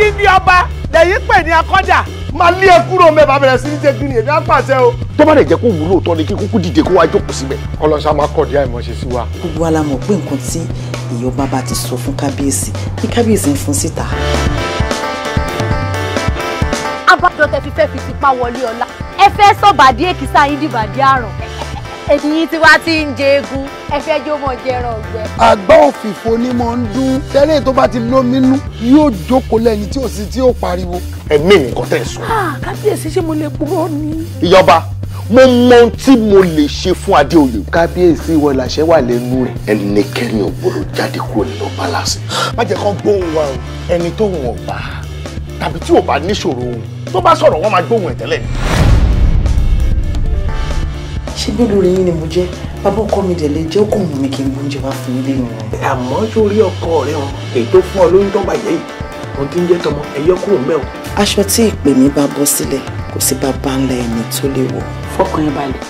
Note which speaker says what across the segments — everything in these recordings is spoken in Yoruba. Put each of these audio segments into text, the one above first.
Speaker 1: odindi ọba lẹ́yìn pè ní akọ́jà. máa lé ẹ kúrò mẹ́fà sí ní jẹ́gìrì èmi á pàṣẹ o. tó bá lè jẹ́ kó wúlò tọ́ ni kí kúkú dìde kó wá jókòó síbẹ̀. ọlọ́sà máa kọ̀ díà ìmọ̀ sí wa. gbogbo wa mọ̀ pé nǹkan tí
Speaker 2: ìyọba bá ti sọ fún kábíyèsí ní kábíyèsí ń fún síta. abájọ tẹ fi fẹ́ fi tipa wọlé ọlá ẹ fẹ́ sọ èkìsá yín dìbàdí àrùn èdè yìí tí wá ti ń jẹ egun ẹ fẹ́ jó mọ̀ jẹran ọ̀gbẹ́.
Speaker 3: àgbá òfìfo ni mo ń dún tẹ́lẹ̀ tó bá ti lóminú yóò jókòó lẹ́ni tí ò sí tí ò pariwo. ẹ̀mí nǹkan tẹ̀ sọ.
Speaker 4: Ah, kábíyèsí ṣé mo lè gbọ́ ni.
Speaker 3: ìyọba mo mọ ohun
Speaker 1: tí mo lè ṣe fún adéoyè. kábíyèsí ìwọ làṣẹ wà lẹ́nu rẹ̀. ẹnikẹ́ni ò jáde kúrò nínú pálásì. má jẹ́ kán gbóhùn wa o ẹni tó hùn ọ̀gbà tàbí tí ò bá níṣòro
Speaker 2: ṣé bí lórí yín ni mo jẹ́ bàbá ọkọ mi dẹ̀ lè jẹ́ ọkọ mi ni kí n gbóúnjẹ wá fún ilé mi.
Speaker 1: àmọ́ sórí ọkọ rẹ wọn ètò fún ọ lóyún tó bàjẹ́ yìí wọn ti ń jẹ́ tọmọ ẹ̀yọ́ kúrò mẹ́ o.
Speaker 2: aṣọ tí ìpè mi bá bọ́ sílẹ̀ kò sí bàbá ńlá ẹni tó lè wọ̀. fọkàn ẹ balẹ̀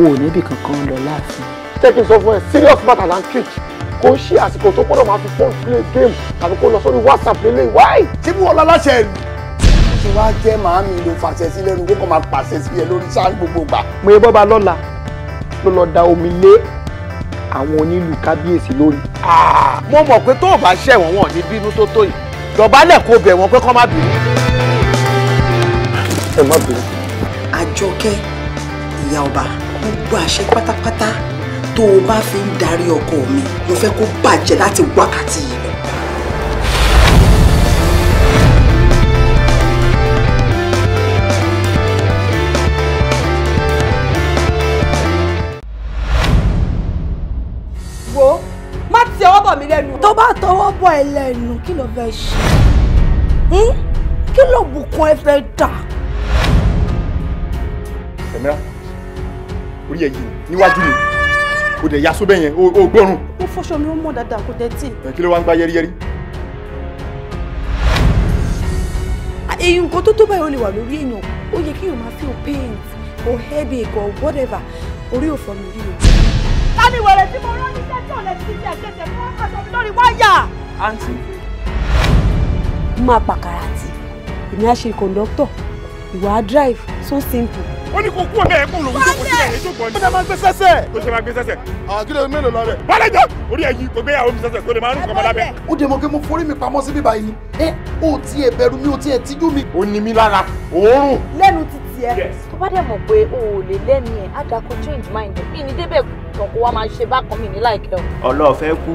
Speaker 5: o ò níbì kankan lọ láàfin.
Speaker 1: tẹ́kí sọ fún ẹ serious matter la ń treat kò ń ṣe àsìkò tó gbọ́dọ̀ máa fi phone play game tàbí kó lọ sórí whatsapp lélẹ̀ wáì. tí mo lọ láṣẹ ìlú
Speaker 3: ṣe wá jẹ́ màámi ló fàṣẹ sí lẹ́nu kó kàn máa pàṣẹ sí ẹ lórí sáà gbogbo gbà.
Speaker 1: mo yẹ bọ́ba lọ́la ló lọ́ọ́ da omi lé àwọn onílù kábíyèsí lórí. Ah, mo mọ̀ pé tó o bá ṣẹ̀wọ̀n wọn ní bínú tó tó yìí dọ̀bálẹ̀ kó bẹ̀ wọ́n pé kọ́ má bínú.
Speaker 2: ẹ má bínú. àjọkẹ́ ìyá ọba gbogbo àṣẹ pátápátá tó o bá fi ń darí ọkọ mi mo fẹ́ kó bàjẹ́ láti wákàtí yìí. tó bá tọwọ́ bọ ẹ lẹ́nu kí ló fẹ́ ṣe hmm? kí ló bùkún ẹ fẹ́ dà.
Speaker 1: ẹ̀mírà orí ẹ̀ yìí níwájú mi kò dẹ̀ yasọ bẹ́ẹ̀ yẹn o gbọ́rùn.
Speaker 2: ó fọṣọ mi ó mọ̀ dáadáa kò dẹ̀ tì.
Speaker 1: kí ló wá ń gbá yẹ́rìyẹ́rì.
Speaker 2: èyí nǹkan tó tó báyìí ó lè wà lórí èèyàn ó yẹ kí èèyàn máa fi pain or headache or whatever orí ò fọ́ mi rí o
Speaker 4: tani wẹ̀rẹ̀ tí mo rán ní sẹ́jọ́ lẹ ti ti ẹ̀kẹ́tẹ̀ fún ọ̀sẹ̀ mi
Speaker 2: lórí wáyà. àǹtí. máa pàkàrà àti èmi á ṣe kọ̀ǹdọ́tọ̀ ìwà á drive so simple. ó ní kó kú ọ̀dẹ́ ẹ̀ lòun tó kó sílẹ̀ ẹ̀
Speaker 1: tó ó ṣe máa gbé sẹ́sẹ̀. ó ṣe máa gbé sẹ́sẹ̀. àkìlẹ̀ ah, mélòó la rẹ̀. bọ́lá jọ orí ẹ̀yìn kò gbéyàwó mi sẹ́sẹ̀ kó lè máa rún kọ́mọ lábẹ́.
Speaker 3: ó dẹ̀ mọ̀ pé mo forí mi pamọ́ síbí báyìí. ẹ ò tiẹ̀ bẹ̀rù mi ò tiẹ̀ tijú mi.
Speaker 1: ó ní mi lára òórùn.
Speaker 2: lẹ́nu titi ẹ tó bá dẹ̀ mọ̀ pé o lẹ́ni ẹ̀ á dákun change mind mi ní débẹ̀ dùn kó wá máa ṣe bákan mi ní láìkẹ́ o.
Speaker 1: ọlọ́ọ̀fẹ́ kú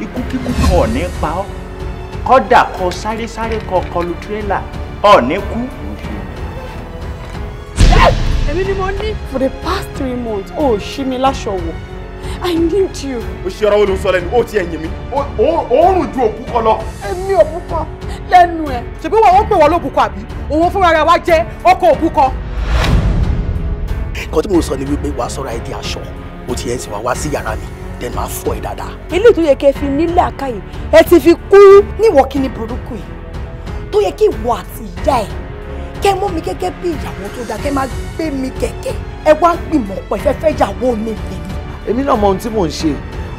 Speaker 1: ikú kíkú kọ̀ ní pa ọ́ kọ́dà kọ sáré sáré kọ kọlu tírélà ọ̀ ní kú.
Speaker 2: èmi ni mo ní. for the past three months o ò ṣí mi láṣọ wò I need you.
Speaker 1: o ṣe ọ̀rọ̀ wo ló ń sọ lẹ́nu o ti ẹ̀yìn mi òórùn ju òkú kọ lọ. èmi òkú kọ lẹ́nu ẹ̀. ṣèbí wọn ò pè wọn lókùnkọ àbí òun fúnra rẹ̀ wá jẹ́ ọkọ̀ òkú kọ. nǹkan tí mo sọ ni wípé wàá sọ́ra ẹ di aṣọ o ti ẹ̀ sì wá wá sí yàrá mi then máa fọ ẹ dáadáa.
Speaker 2: eléyìí tó yẹ kẹ́ fi nílé àkàyè ẹ ti fi kú níwọ̀ kíni burúkú yìí tó yẹ kí ìwọ àti ìyá ẹ kẹ́ mú mi gẹ́gẹ́ bí ìyàwó tó dáa kẹ́ máa gbé mi kẹ̀kẹ́ ẹ wá gbìmọ̀ pẹ̀ fẹ́fẹ́ ìyàwó mi lèmi.
Speaker 1: èmi náà mọ ohun tí mò ń ṣe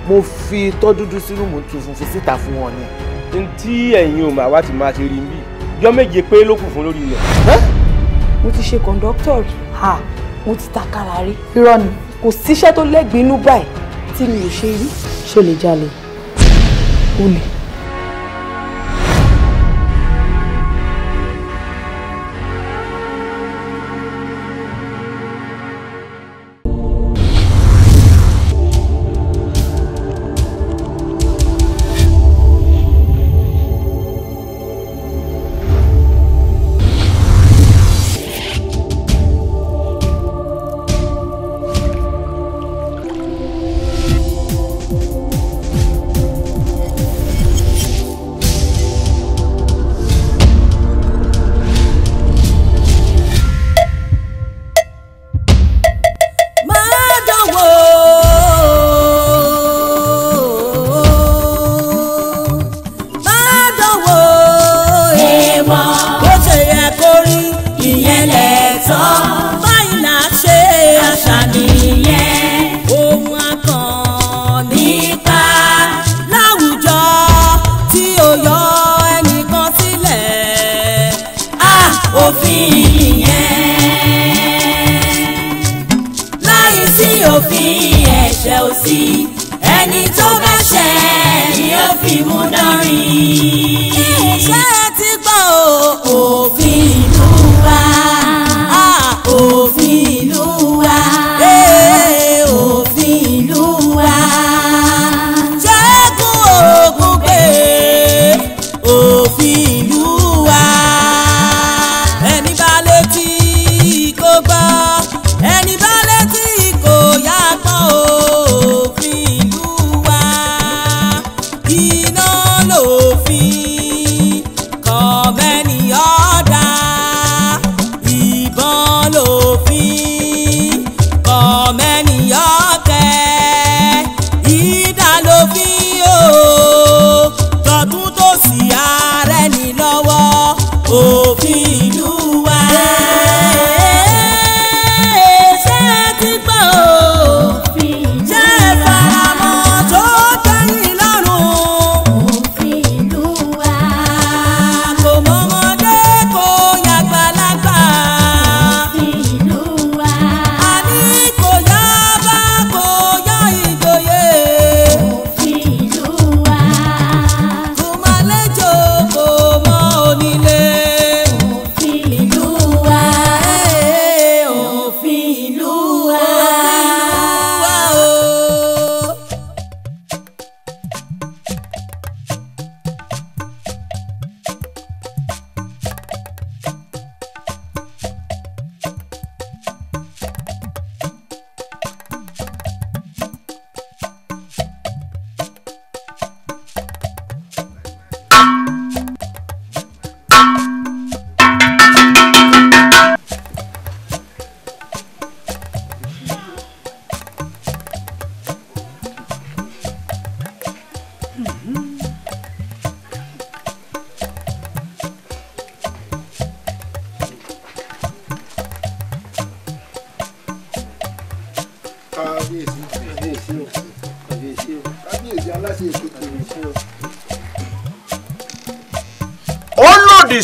Speaker 1: mo fi tọ́ dúdú sínú mo tu funfun síta fún wọn ni. n tí ẹ̀yin ò máa wá ti máa ṣe rí bí yọ méje pé ló kù
Speaker 2: fún lórí ilẹ̀. mo ti ṣe kọ̀ǹdọ́tọ̀ rí mo ti takara rí irọ́ ni kò síṣẹ́ tó lẹ́gbẹ̀ẹ́ inú báyìí tí mi ò ṣe rí ṣó lè jalè
Speaker 6: olè.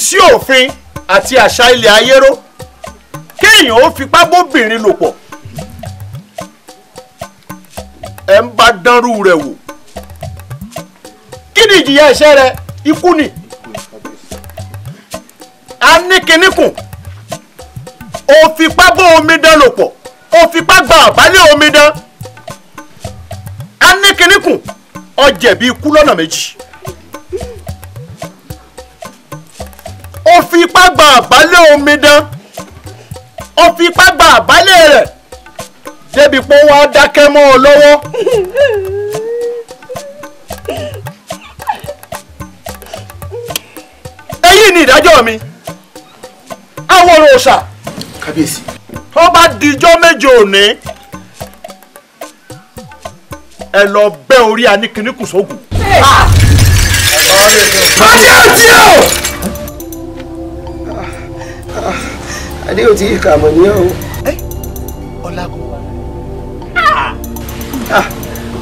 Speaker 1: sí òfin àti àṣà ilẹ̀ ayéró kéèyàn ó fipá bóbìnrin lò pọ̀ ẹ̀ ń bá dánrú rẹ̀ wò kí ni ìjìyà ẹ̀ṣẹ̀ rẹ̀ ikú ni a ní kinní kùn ó fipá bó omidan lò pọ̀ ó fipá gba àbálẹ̀ omidan a ní kinní kùn ó jẹ̀bi ikú lọ́nà méjì. ipá gba àbálẹ̀ omidan ó fi ipá gba àbálẹ̀ rẹ̀ débi pé wọ́n á dákẹ́ mọ́ ọ lọ́wọ́. èyí ni ìdájọ́ mi àwọn òròṣà. kábíyèsí. tó bá dijọ́ méje òní ẹ lọ bẹ́ orí anìkíní kùsọ́gùn.
Speaker 6: Ah! kábíyèsí
Speaker 1: o. adé ò tí ì kà mọ̀ ní ọ̀hún.
Speaker 6: ọ̀làgò. Ah,
Speaker 1: ah,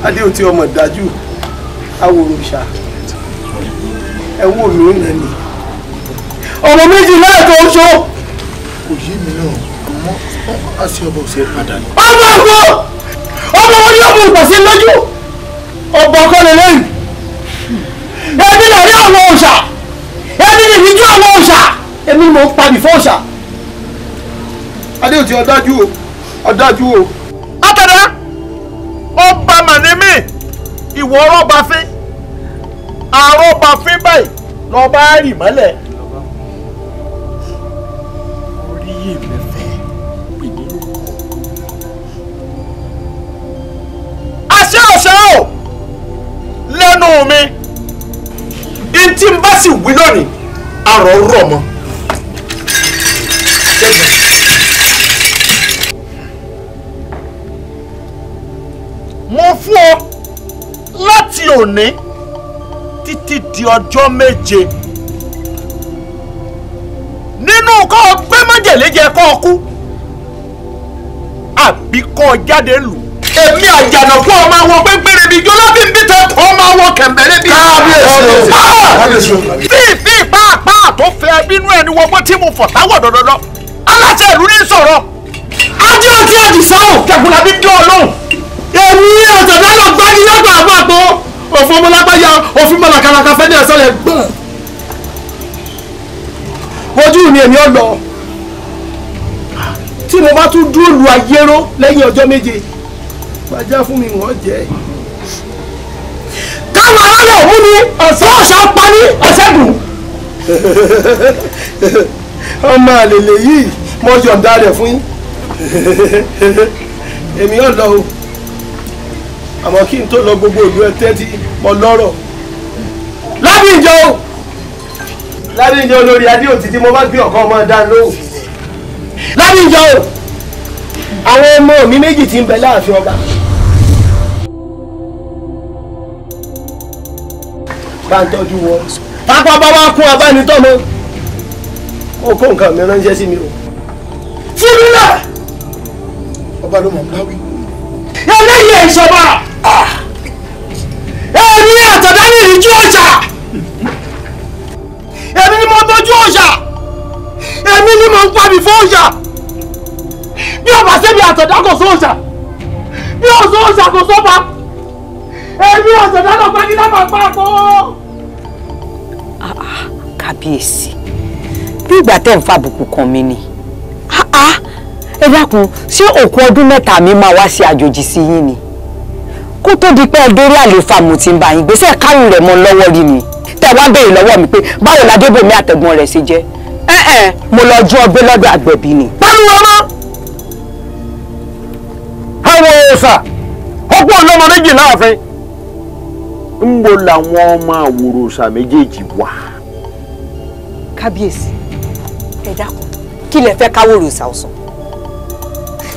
Speaker 1: adé ò tí ọmọ dájú awòrò ṣá ẹ wò mí ń lẹ́nu. ọmọ méjì náà tó ń ṣó.
Speaker 3: kò yé mi náà àmọ́ àṣẹ ọba ò ṣe é padà ní. ọmọ
Speaker 1: àgbo ọmọ wọn ni ọmọ ìgbàsí lójú ọgbà ọkọ lélẹ́yìn
Speaker 3: ẹbí lọ rí àwọn
Speaker 1: òòṣà ẹbí lè ní ju àwọn òòṣà ẹbí mo ń pa adéòtí ọ̀dájú o ọ̀dájú o. látọ̀dá ọba mànímì ìwọ ọlọ́ba fín àrọ́ba fín báyìí lọ́ba rì mọ́lẹ̀.
Speaker 3: orí mi fẹ́ pè mí ló.
Speaker 1: àṣẹ ọ̀ṣẹ́ o lẹ́nu mi ntí n bá sì wí lónìí àrọ̀ rọ̀ mọ́. Thank you. mo fún ọ láti òní títí di ọjọ́ méje nínú kọ́ ọ gbé májèlé jẹ kọ́ ọ kú àbí kọ́ ọ jáde lù. èmi àjànàkú ọmọ àwọn gbẹgbẹrẹ bíi jọlá bíi bíi tẹ ọmọ àwọn kẹmbẹrẹ bíi. kábíyèsí o fífi pàápàá tó fẹ́ bínú ẹni wọgbọ́n tí mo fọ̀ táwọ̀ dọ̀dọ̀dọ̀ aláṣẹ ìlú ní sọ̀rọ̀. ajé ọtí àdìsá ò jagunlabi dán ọ lóhùn èmi ọ̀tọ̀dá lọ gbá ní yọ̀gbà àpapọ̀ òfin ọmọlápáyà òfin mọ̀làkàlàkà fẹ́ ní ẹ̀sán rẹ̀ gbọ́n ojú mi èmi ọ̀ lọ tí mo bá tún dúró lu ayéró lẹ́yìn ọjọ́ méje gbajá fún mi wọ́n jẹ́ káwọn aráàlú òun ni ọ̀sán ọ̀sán pa ní ọ̀sẹ́gun ọmọ àlèlè yìí mo yọ̀ǹda rẹ̀ fún yín èmi ọ̀ lọ o àmọ́ kí n tó lọ gbogbo ìlú ẹ tẹ́tí mọ lọ́rọ̀ ládìjọ o ládìjọ olórí adéòtí tí mo bá gbé ọ̀kan ọmọ dá lóhùn ládìjọ o àwọn ọmọ mi méjì tí ń bẹ láàfin ọba bá ń tọ́jú wọn pápá bá wá kún abánitọ́mọ ó kó nǹkan mi ránṣẹ́ sí mi o fúnmi náà ọba ló mọ̀ ń bá wí. eléyìí ìṣọba. mi fún Me bí ọba ṣebí àtọ̀dá kò sọ òòṣà bí ọ̀sọ́ òòṣà kò sọ́ba èmi ọ̀sẹ̀ dáná pé kí lábàá pa àpò.
Speaker 2: kábíyèsí bí ìgbà tẹ́ ń fàbùkù kan mi ni ẹ dákun ṣé òkú ọdún mẹ́ta mi máa wá sí àjòjì sí yín ni kó tó di pé ẹ dórí àlefa mo ti ń bá yín gbèsè kárùn rẹ̀ mọ́ lọ́wọ́ rí ni tẹ́ wá béèrè lọ́wọ́ mi pé báwo ládébòmí àtẹ̀gbọ́n rẹ̀ ṣe jẹ́ ẹ ẹ mo lọ ju ọgbẹ lọ́dọ̀ àgbẹ̀bí ni.
Speaker 4: pariwo mọ
Speaker 1: àwọn òòsà ọ̀pọ̀ ọlọ́mọ méjì láàfin ń bo làwọn ọmọ àwòrò òòsà méjèèjì wà.
Speaker 2: kábíyèsí ẹ dákun kí lẹ fẹ́ káwòrò òòsà ọsàn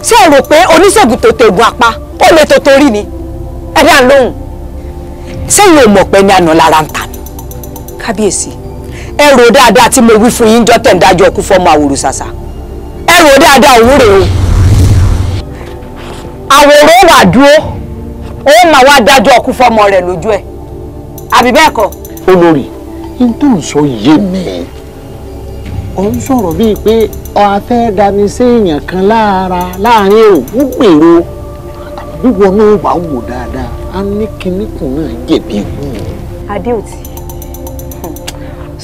Speaker 2: ṣé ẹ rò pé oníṣègùn tó tegun apá ó lè tó torí ni ẹ dá lóhùn sẹ́yìn ò mọ̀ pé ní àná lára ń ta ni kábíyèsí. ẹ rò dáadáa tí mo wí fún yín jọ́ tẹ̀ǹdájọ́ ọkú fọ́mọ àwòrò ṣàṣà ẹ dáadáa òun o àwòrán wà dúró ó mà wá dájọ́ ọkú fọ́mọ rẹ̀ lójú ẹ̀ àbí bẹ́ẹ̀ kọ́. olórí n tó ń sọ yé mi ò ń sọ̀rọ̀
Speaker 1: bíi pé dání kan lára láàrin èrò ń gbèrò àbí wọn náà wà wò dáadáa á ní kinní
Speaker 2: náà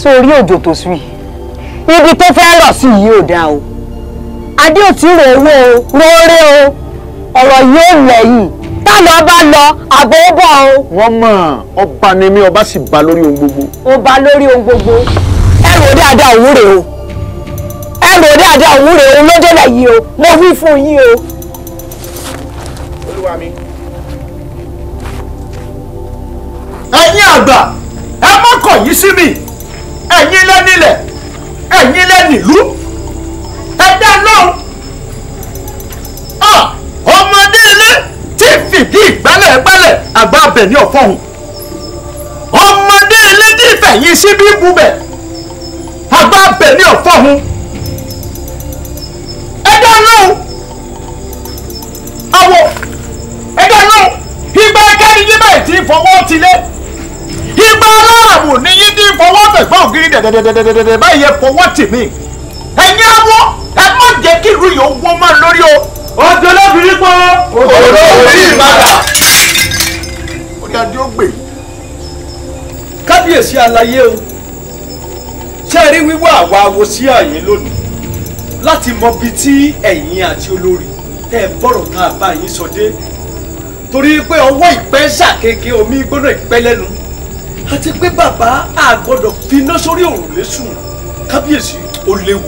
Speaker 2: sórí òjò tó sùn yìí ibi tó fẹ́ lọ sí yìí ò dáa o adé ò tí rò owó o róóré o ọ̀rọ̀ yìí ò lẹ́yìn tálọ́ bá lọ àbò ó bọ̀ o. wọ́n mọ̀ ọba ni mí ọba
Speaker 1: sì ba lórí ohun gbogbo. ó
Speaker 4: ba lórí ohun gbogbo ẹ rò dáadáa òun rè o ẹ rò dáadáa òun rè o lójó lẹ́yìn o mo wí fún yín o.
Speaker 1: olúwa mi. ẹ̀yin àgbà ẹ má kọ̀ yìí sí mi ẹ̀yin lẹ́nilẹ̀ ẹ̀yin lẹ́nìlú ẹ̀dá lọ́hùn ah, ọmọdé ilé tí fìdí ìgbálẹ̀ gbálẹ̀ àgbà abẹ ní ọ̀fọ́hùn ọmọdé ilé tí fẹ̀yìn síbí bubẹ̀ àgbà abẹ ní ọ̀fọ́hùn ẹ̀dá lọ́hùn àwọ̀ ẹ̀dá lọ́hùn ìgbà kẹ́rin yí báyìí ti fọwọ́ tilẹ̀ ìgbà ọlọ́run ẹ̀wù ní yín dín fọwọ́ tẹ̀gbọ́n ògiri dẹ̀dẹ̀dẹ̀dẹ̀dẹ̀ báyìí ẹ fọwọ́ tì mí. ẹ̀yin awọ ẹ má jẹ́ kí ìlú yìí owó máa lórí o. ọjọ́ lóbìnrin pọ̀ òdòdó orí ìbàdà. orí adé ó gbè. kábíyèsí aláyé o ṣé ẹ rí wíwá àwa awo sí àyè lónìí láti mọ ibi tí ẹ̀yin àti olórí tẹ́ bọ̀rọ̀ tá a yín sọ torí pé ọwọ́ ìpẹ́ ṣàkékè omi gbóná ìpẹ́ lẹ́nu àti pé bàbá àgọ́dọ̀ finá sórí òrùlé sùn kábíyèsí ó léwu.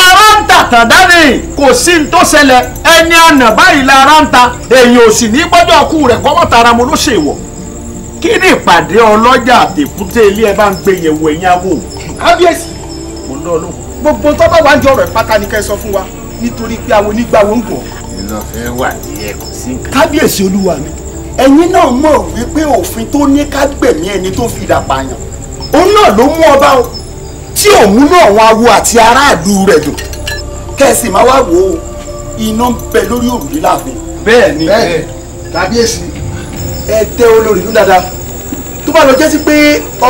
Speaker 1: ara ń tàtàn dání kò sí ní tó ṣẹlẹ̀ ẹni àná báyìí lára ń ta èyí ò sì ní gbọ́dọ̀ ọkú rẹ̀ kọ́mọ́tara mo ló ṣèwọ̀ kí ni ìpàdé ọlọ́jà àtẹ̀kútẹ́ ilé ẹ bá ń gbé yẹn wọ ẹ̀yìn awo. kábíyèsí mo lọ lóhùn. gbogbo tó bá wà ń jọ ọ̀rọ̀ ìpátá ni kẹ́ ẹ sọ fún wa nítorí pé àwọn onígbàwọ̀ ń gọ̀. ìlọfẹ wà ní ẹkùn sí. kábíyèsí olúwa mi ẹ̀yin náà mọ̀ wípé òfin tó ní ká gbẹ̀mí ẹni tó fi idà pààyàn òun náà ló mú ọba o tí òun náà wọn awo àti aráàlú rẹ̀ dùn kẹ́sì máa wá wò ó iná ń bẹ lórí òrùlé láàfin. bẹ́ẹ̀ ni bẹ́ẹ̀ kábíyèsí ẹ tẹ olórí ìlú dáadáa tó bá lọ jẹ́ sí pé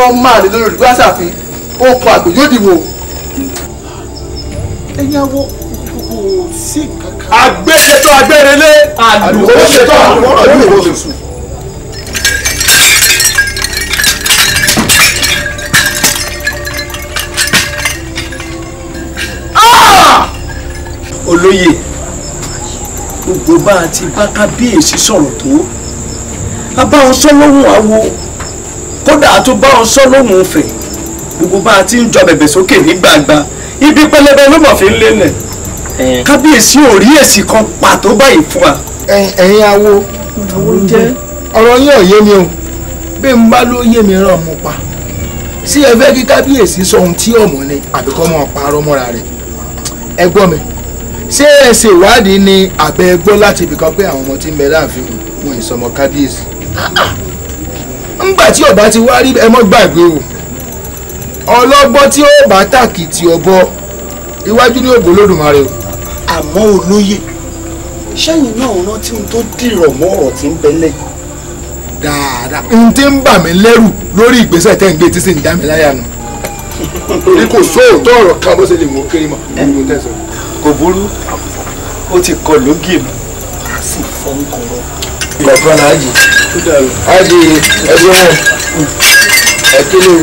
Speaker 1: ọmọ àlè lórí ìlú àṣàfin ó kọ àgbè yóò dìbò.
Speaker 3: ẹ̀yin awo kò sí
Speaker 1: agbẹ́yẹtọ̀ agbẹ́rẹ́lé àdùkọ́ṣetọ̀ àdùkọ́ṣetọ̀. Ah! olóyè gbogbo bá a ti bá kábíyèsí sọ̀rọ̀ tó a bá wọn sọ lóhùn àwo kódà a tún bá wọn sọ lóhùn fẹ̀ gbogbo bá a ti ń jọ bẹ̀bẹ̀ sókè ní gbàgbà ibi pẹlẹbẹ ló mọ̀ fi ń lélẹ̀. Eh. kábíyèsí ò rí èsì kan pàtó báyìí fún wa. Eh, ẹ̀yin awo ọ̀rọ̀ yín ò mi o bí n bá ló yé mi rán mu pa sí ẹ fẹ́ kí kábíyèsí sọ ohun tí ọmọ ni àbí kọ́ mọ́ parọ́ mọ́ra rẹ̀ ẹ gbọ́ mi ṣé ẹ ṣe ìwádìí ni àbẹ gbọ́ láti ibìkan pé àwọn ọmọ tí ń bẹ láàfin wọn ìsọmọ kábíyèsí
Speaker 6: ńgbà tí ọba ti
Speaker 1: wá rí ẹ mọ́ gbàgbé o ọlọ́gbọ́n tí ó bá tàkìtì ọ̀bọ iwájú ní ògbólódùmarè o àmọ́ olóyè sẹ́yìn náà rántí
Speaker 3: ohun tó dìrọ̀ mọ́ ọ̀rọ̀ tí ń bẹ lẹ́yìn dáadáa. n tí ń bà mí lẹ́rù lórí ìgbésẹ̀ tẹ́ ń gbé tí sì ń dá mi láyà nù. torí kò sóòótọ́ ọ̀rọ̀ kan bó ṣe lè mú kéré mọ́. kò burú ó ti kọ lógì mi a sì fọ́ ń kọ̀rọ̀. ìgbà kan láàyè. ẹgbẹ́ ẹ̀ kí ló.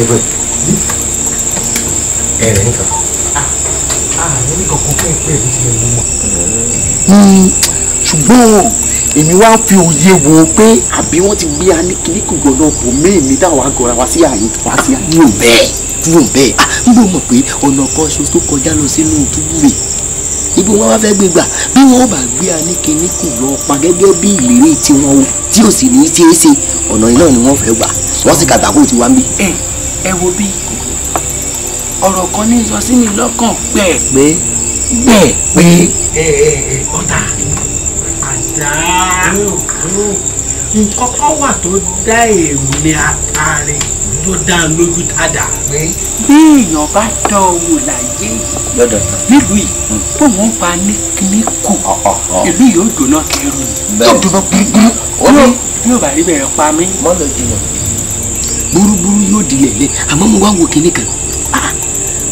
Speaker 5: ẹgbẹ́ ẹ̀rẹ̀ nìkan. ah,
Speaker 7: ah nìkan kò fẹ́ pé
Speaker 5: èmi ti lè mú mọ́.
Speaker 7: Hmm, ṣùgbọ́n èmi wá fi òye wò ó
Speaker 1: pé àbí wọ́n ti gbé aníkìníkù gbọ́dọ̀ bò mí èmi táwa gọra wá sí àyín wá sí àyín ò bẹ́ẹ̀ dúró bẹ́ẹ̀ ah n bò mọ̀ pé ọ̀nà kan ṣo tó kọjá lọ sínú túbú rẹ̀ ibi wọn wá fẹ́ gbé gbà bí wọn bá gbé aníkíníkù lọ pa gẹ́gẹ́ bí ìlérí tiwọn o tí ò sì ní í ṣeé ṣe ọ̀nà iná ni wọ́n fẹ́ gbà wọ́n sì kàtàkùn tiwa ń bí ẹ wo bí ọ̀rọ̀ kan ní sọ sí mi lọ́kàn pẹ́ẹ́pẹ́ pẹ́ẹ́pẹ́ ọ̀tá àdá nǹkan kan wà tó dá èmi àtàrí tó dá lójú tàdá. bí èèyàn bá dán owó láyé nílùú yìí bó wọn bá ní kíní kù ìlú yìí ó dùnà kẹrù tó dùnà gbúgbúrú bí ó bá rí bẹ̀rẹ̀ pa mí. mọ́lẹ̀ jìnnà burúburú yóò di lẹ̀lẹ̀ àmọ́ mo wá wo kinní kan ah,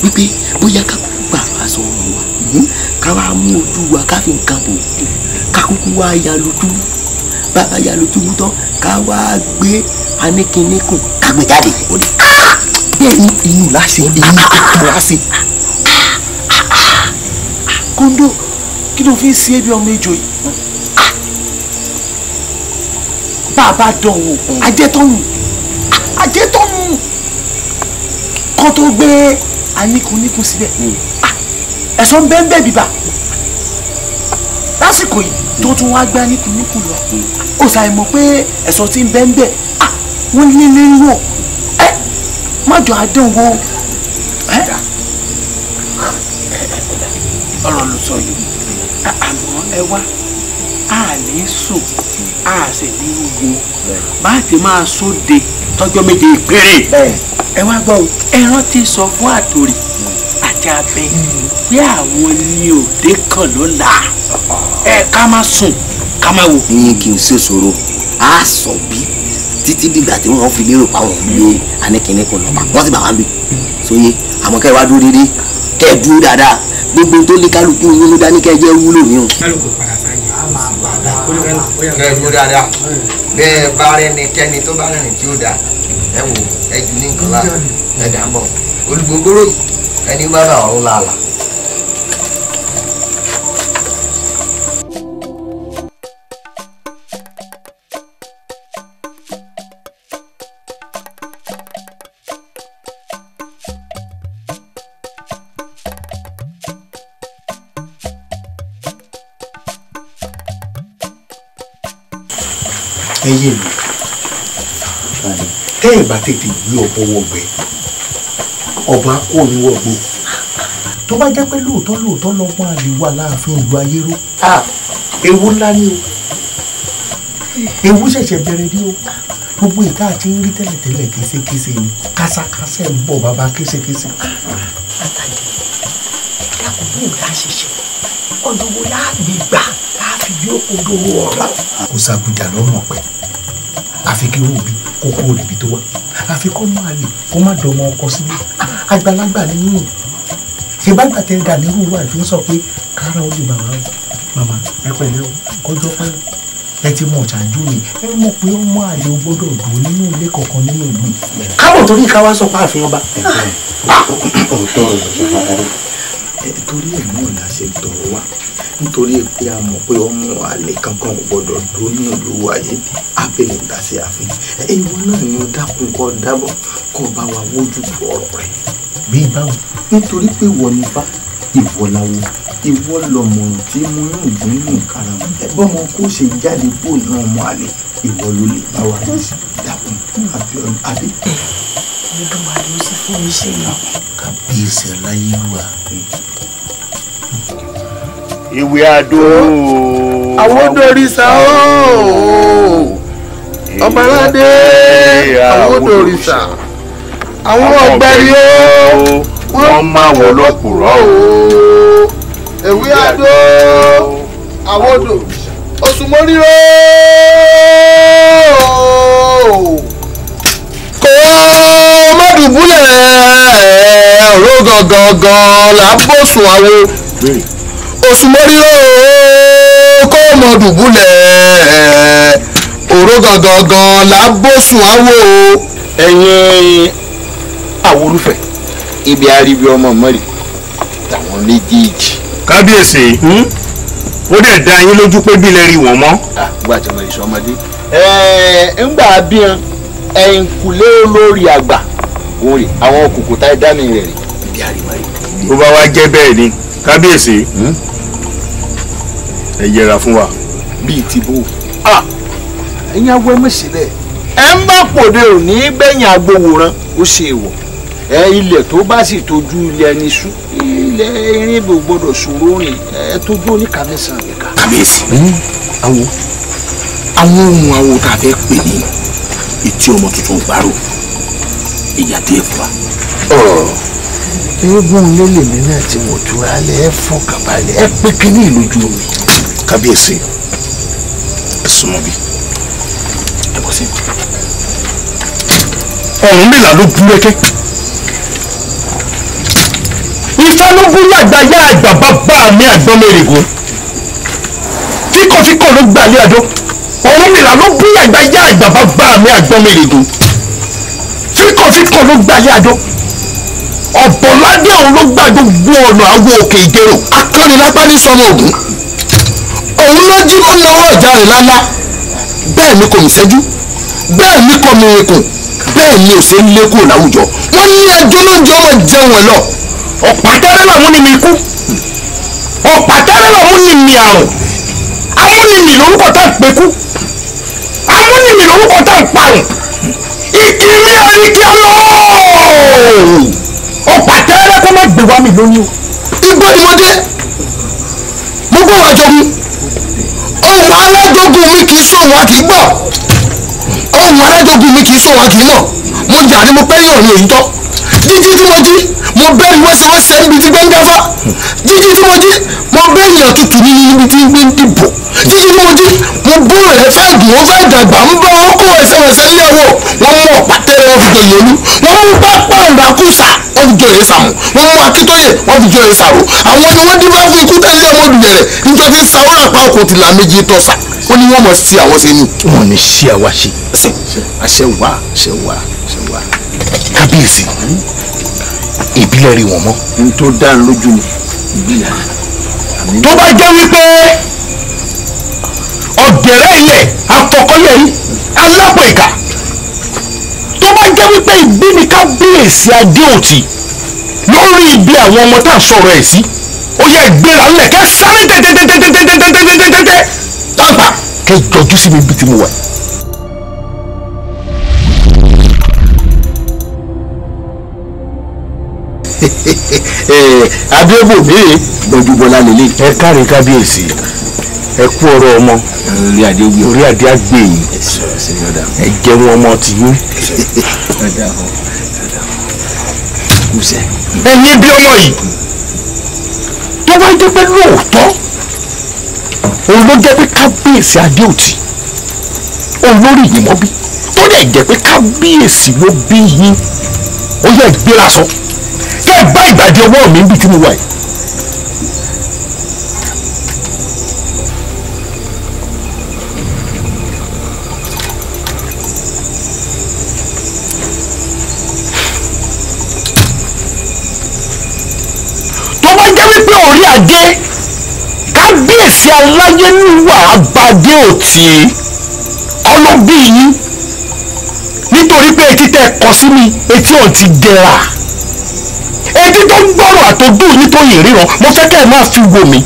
Speaker 1: wípé bóyá ká kúkú pààrọ̀ aṣọ ọrùn wa hmm? ká wá mú ojú wa ká fi nǹkan bò ká kúkú wá ya lutúbú bàbá ya lutúbú tán ká wá gbé aníkíníkùn ká gbé jáde ah! bẹ́ẹ̀ ni
Speaker 7: inú láṣẹ inú ah! láṣẹ.
Speaker 1: kóńdó kí ló fi ń ṣe é bí ọmọ ejò yìí bá a bá ajé tó mu kó tó gbé aníkuníkun síbẹ̀ hmm. ah, ẹ̀sán bẹ́ẹ̀ bẹ́ẹ̀ bíbà lásìkò yìí tó tún wá gbé aníkuníkun lọ hmm. ó ṣàì mọ̀ pé ẹ̀sán ti ń bẹ́ẹ̀ bẹ́ẹ̀ ah, wọ́n nílé ń wọ̀ ẹ́ mọ́jọ àdéhùn
Speaker 5: o. ọ̀rọ̀ ló sọ yìí ah, àmọ́ ẹ wá a ní sùn a sì ní wo bá a ti máa sóde. So tọ́jọ́ méje péré ẹ wá gbọ́ ẹran ti sọ fún àtòrí àti abẹ pé àwọn ni òde kan ló ẹ
Speaker 1: ká má sùn ká má wò. ní kí n ṣe sọ̀rọ̀ a sọ bí títí dìgbà tí wọ́n fi lérò pa wọn lé anẹ́kẹ́ni kan lọ́ba wọ́n sì bá wọn bí sóye àmọ́ kẹ́ dúró déédéé kẹ́ dúró dáadáa gbogbo tó lé kálukú yín ló dání kẹ́ ẹ wúlò ní o. kálukú padà sáyé kẹ́ dúró dáadáa bẹ́ẹ̀ bá rẹ́nikẹ́ni tó bá rẹ́rìn tí ó dáa ẹ wò ẹ ní nǹkan lára ẹ dà ń
Speaker 6: bọ̀ olùgbogbooro ẹni bá
Speaker 5: tẹ́yìn bá tètè gbé ọ̀bọ wọ̀gbẹ́
Speaker 1: ọba kò ní wọ̀gbọ́ tó bá jẹ́ pé lóòótọ́ lóòótọ́ lọ́gbọ́n àlè wà láàfin ìlú ayéró ewu ńlá ni o ewu ṣẹ̀ṣẹ̀
Speaker 5: bẹ̀rẹ̀ ni o gbogbo ìta àti ń rí tẹ́lẹ̀tẹ́lẹ̀ késekése ni kásákásá ń bọ̀ bàbá késekése. àtàlẹ́ ìdákùnrin ò láṣẹṣẹ
Speaker 1: ọ̀nà wo láàgbè gbà láàfin yóò kó dòwò ọ̀rọ̀.
Speaker 5: kò sàgùjà lọ́mọ̀ pẹ́
Speaker 1: àfi kí wọ́n bí kókó rèébi tó wà àfi kó máa lè kó má dọmọ ọkọ sílé àgbàlagbà ni yín ṣe bá gbà tẹ́ńdà nírú wa fi ń sọ pé kára ó
Speaker 5: lè bàbá o màmá ẹ pẹ̀lẹ́ o kọjọ́ pẹ́ ẹ ti mọ̀ ṣáájú mi ẹ mọ̀ pé ọmọ àlè gbọ́dọ̀ dùn nínú ilé kọ̀ọ̀kan nínú ìlú kábọ̀ torí ká wá sọ pé àfihàn bá. òótọ́ ọ̀rọ̀ ṣàfàdà
Speaker 7: rẹ̀ torí ẹ̀ náà la ṣe tọ̀ wá nítorí pé a mọ̀ pé ọmọ àlè kankan ò gbọ́dọ̀ tó ní ìlú wáyé
Speaker 5: abẹ́lẹ̀ ń ta sí ààfin ìwọ náà ni ó dákun kọ́ dábọ̀ kọ́ bá wa wójú tó ọ̀rọ̀ rẹ̀ bí báwo nítorí pé ìwọ ni bá ìwọ làwọ ìwọ lọmọràn tí mo ń gbé ní ìkarahun ẹgbẹ́ ọmọ kó ṣe jáde bò ní ọmọ àlè ìwọ ló lè bá wa ní sí dákun àbíọ́nù àbí. olùdó wa ló ṣe fún mi ṣe é. kábíyèsí aláyé wa
Speaker 1: ìwé àdóró. àwọn odòrìṣà ooo
Speaker 5: ọmọládé àwọn odòrìṣà
Speaker 3: àwọn ọ̀gbẹ́ni ooo wọ́n máa
Speaker 5: wọ lọ́kùrọ̀ ooo
Speaker 3: ìwé àdó
Speaker 1: àwọn odò oṣù mọ́ríró
Speaker 4: kò mọ́dùbúlẹ̀ ọ̀rọ̀ gangan là ń bọ̀ sùn àwọn kò sùn
Speaker 1: mórí ró kó mọ dùbúlẹ̀ òró gangan là bó sùn áwò. ẹ̀yin ibi àríwí ọmọ mọ́rì tàwọn méjèèjì. kábíyèsí hmm? ó dẹ̀ dá yín lójú pé bílẹ̀ rí wọ́n mọ́. àgbà tí mo lè sọ ọmọdé. ẹ ń gbà bí wọn ẹ̀yìn kùlé olórí àgbà òun rè àwọn kòkòtà ẹ̀dá rè ibi àríwá rè.
Speaker 7: ó bá wá jẹ́ bẹ́ẹ̀ ni kábíyèsí. Hmm?
Speaker 1: ẹ yẹra fún wa. bíi ti bó ah! ẹ̀yin awọ ẹ mọ̀ sílẹ̀ ẹ ń bá pòde òní gbẹ̀yìn agbowòran ó ṣe èèwọ̀ ẹ ilẹ̀ tó bá sì tójú ilẹ̀ ẹni sú ilẹ̀ irin bò gbọdọ̀ ṣòro rìn ẹ tójú oníkà mẹ́sàn-án rẹ̀ ká. kàbíyèsí awo àwọn ohun awo tá a fẹ́ pè ní etí ọmọ tuntun gbàrò ìyá díẹ̀ fún wa.
Speaker 3: eégún lélẹ̀ mi náà ti wò túra lẹ́ ẹ fọkàn balẹ̀ ẹ pé
Speaker 1: kínní ìlójú mi kábíyèsí ẹ súnmọ́ bí ẹ bọ́ sí. ọ̀run mélòó ló gúnrégé ifá ló gúnlé àgbáyé àgbà bàbá mi àgbọn mẹ́rẹ̀gùn fíkọ̀fíkọ̀ ló gbàlẹ́ àjọ ọ̀run mélòó ló gúnlé àgbáyé àgbà bàbá mi àgbọn mẹ́rẹ̀gùn fíkọ̀fíkọ̀ ló gbàlẹ́ àjọ ọ̀bọ̀ládé òun ló gbà gbogbo ọ̀nà àwọn òkè ìdèrò akọ́nilápá ní sọmọ ògùn lójú ló lọ́wọ́ ìjàre lálá bẹ́ẹ̀ ni kò ní fẹ́jú bẹ́ẹ̀ ni kò mìíràn kù bẹ́ẹ̀ ni òṣè ń lé kúrò láwùjọ wọ́n ní ẹjọ́ lóúnjẹ ọmọ jẹun ẹ̀ lọ. ọ̀pá tẹ́lẹ̀ làwọn ni mi kú ọ̀pá tẹ́lẹ̀ làwọn ni mi àrùn amúnimì lórúkọ tá à ń pekú amúnimì lórúkọ tá à ń parùn ìkírí àríkíá lọ́ọ̀ ọ̀pá tẹ́lẹ̀ kọ́ má gbé wá mi lóyún. igbó ni mo dé ogún wa jogún ohun alájogún mi kì í sóhun a kì í gbọ́ ohun alájogún mi kì í sóhun a kì í mọ̀ mo jà ní mo pẹ́ yẹ̀ òun èyí tọ́ jíjí tí mo jí mo bẹ́ ìwé sáàsẹ̀ níbi tí gbẹ́ngàn fá jíjí tí mo jí mo bẹ́ ìyàn tutù nínú níbi tí gbé ń dìbò jíjí tí mo jí mo bó rẹ̀ fẹ́ dùn ó fẹ́ dàgbà ń bọ́ ó kó ẹsẹ̀ ẹsẹ̀ níyàwó wọn mú ọ̀pátẹ́ rẹ̀ wọ́n fi jòyè olú wọn mú pápá ìdákùsà wọ́n fi jòyè sàmù wọ́n mú akíntóyè wọ́n fi jòyè sàrò àwọn ni wọ́n dífá fún ikú tẹ́lẹ̀ ọmọ ìdùnnẹ̀rẹ̀ nítorí sáwọ́ àpá ọkọ̀ tìlà méjì tọ́sà ó ní wọ́n mọ̀ sí àwọn ṣe
Speaker 7: wọn ò ní àwa
Speaker 1: ṣe àṣẹ wà àṣẹ wà kábíyèsí ìbílẹ̀ rí wọn mọ́. n tó dá n lójú ni ìbílẹ̀. tó bá jẹ́ wípé ọ̀gẹ̀rẹ̀ ilẹ̀ afọkọ́lẹ̀ yìí alápò ìkà tó bá jẹ́ wípé ìgbín ni kábíyèsí adéòtì lórí ibi àwọn ọmọ tá à ń sọ̀rọ̀ ẹ̀ sí ó yẹ ìgbéra ńlẹ̀ kẹ́ sáré tètè tètè tètè tètè tètè tètè tàǹpà kẹ́ jọjú sí mi bí ti mo wà yìí.
Speaker 7: Eh, abíọ́bùnmí gbọ́njúbọ́lá lélẹ̀. ẹ káre kábíyèsí ẹ kú ọ̀rọ̀ ọmọ orí adé àgbè yìí ẹ jẹun ọmọ tìyín.
Speaker 1: ẹ̀yin bí ọmọ yìí tó bá jẹ́ pé lóòótọ́
Speaker 7: òun ló jẹ́ pé kábíyèsí adéòtì òun ló rí yìí mọ́ bí tó dẹ̀ jẹ́ pé kábíyèsí ló bí yín ó yẹ gbéra sọ.
Speaker 1: So ẹ bá ìbàdí ọwọ́ mi níbi tí mo wà yìí. tó bá jẹ́ wípé orí adé kábíyèsí aláyé níwà abadé òtí ọlọ́bí yín nítorí pé etí tẹ́ kọ sí mi etí ò ti dẹ̀ra
Speaker 7: etí tó ń gbọ́rọ̀ àtọ́jú yín tó yìn ríran mo fẹ́ kẹ́ ẹ máa fi wo mi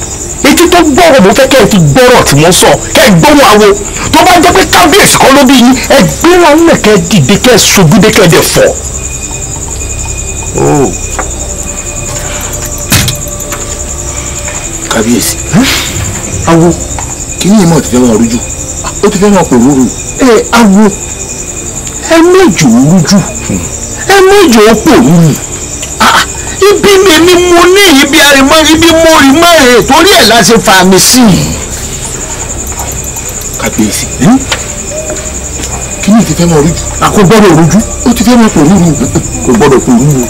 Speaker 7: etí tó gbọ́rọ̀ mo fẹ́ kẹ́ ẹ fi gbọ́rọ̀ tí wọ́n sọ kẹ́ ẹ gbóhùn awo tó bá jẹ́ pé kábíyèsí kan ló bí yín ẹ gbéra ńlẹ̀ kẹ́ ẹ dìde kẹ́ ẹ ṣubú dé kẹ́ ẹ dẹ̀ fọ́. kábíyèsí hm? awo kí ni ìmọ̀ ti fẹ́ máa rújú ó ti fẹ́ máa pè lóru ẹ awo ẹ méjì ó rújú hmm. ẹ méjì ó pè lóru
Speaker 1: ibi lèmi mo ní ibi àrìmọ́ ibi mo rí mọ́ èrè torí ẹ̀ la ṣe
Speaker 7: fà mí sí i. kàbíyèsí hmm? kí ni ìtẹ́fẹ́ máa rújú. àkó gbọ́dọ̀ rújú ó ti fẹ́ máa pè rúru kò gbọ́dọ̀ pè rúru.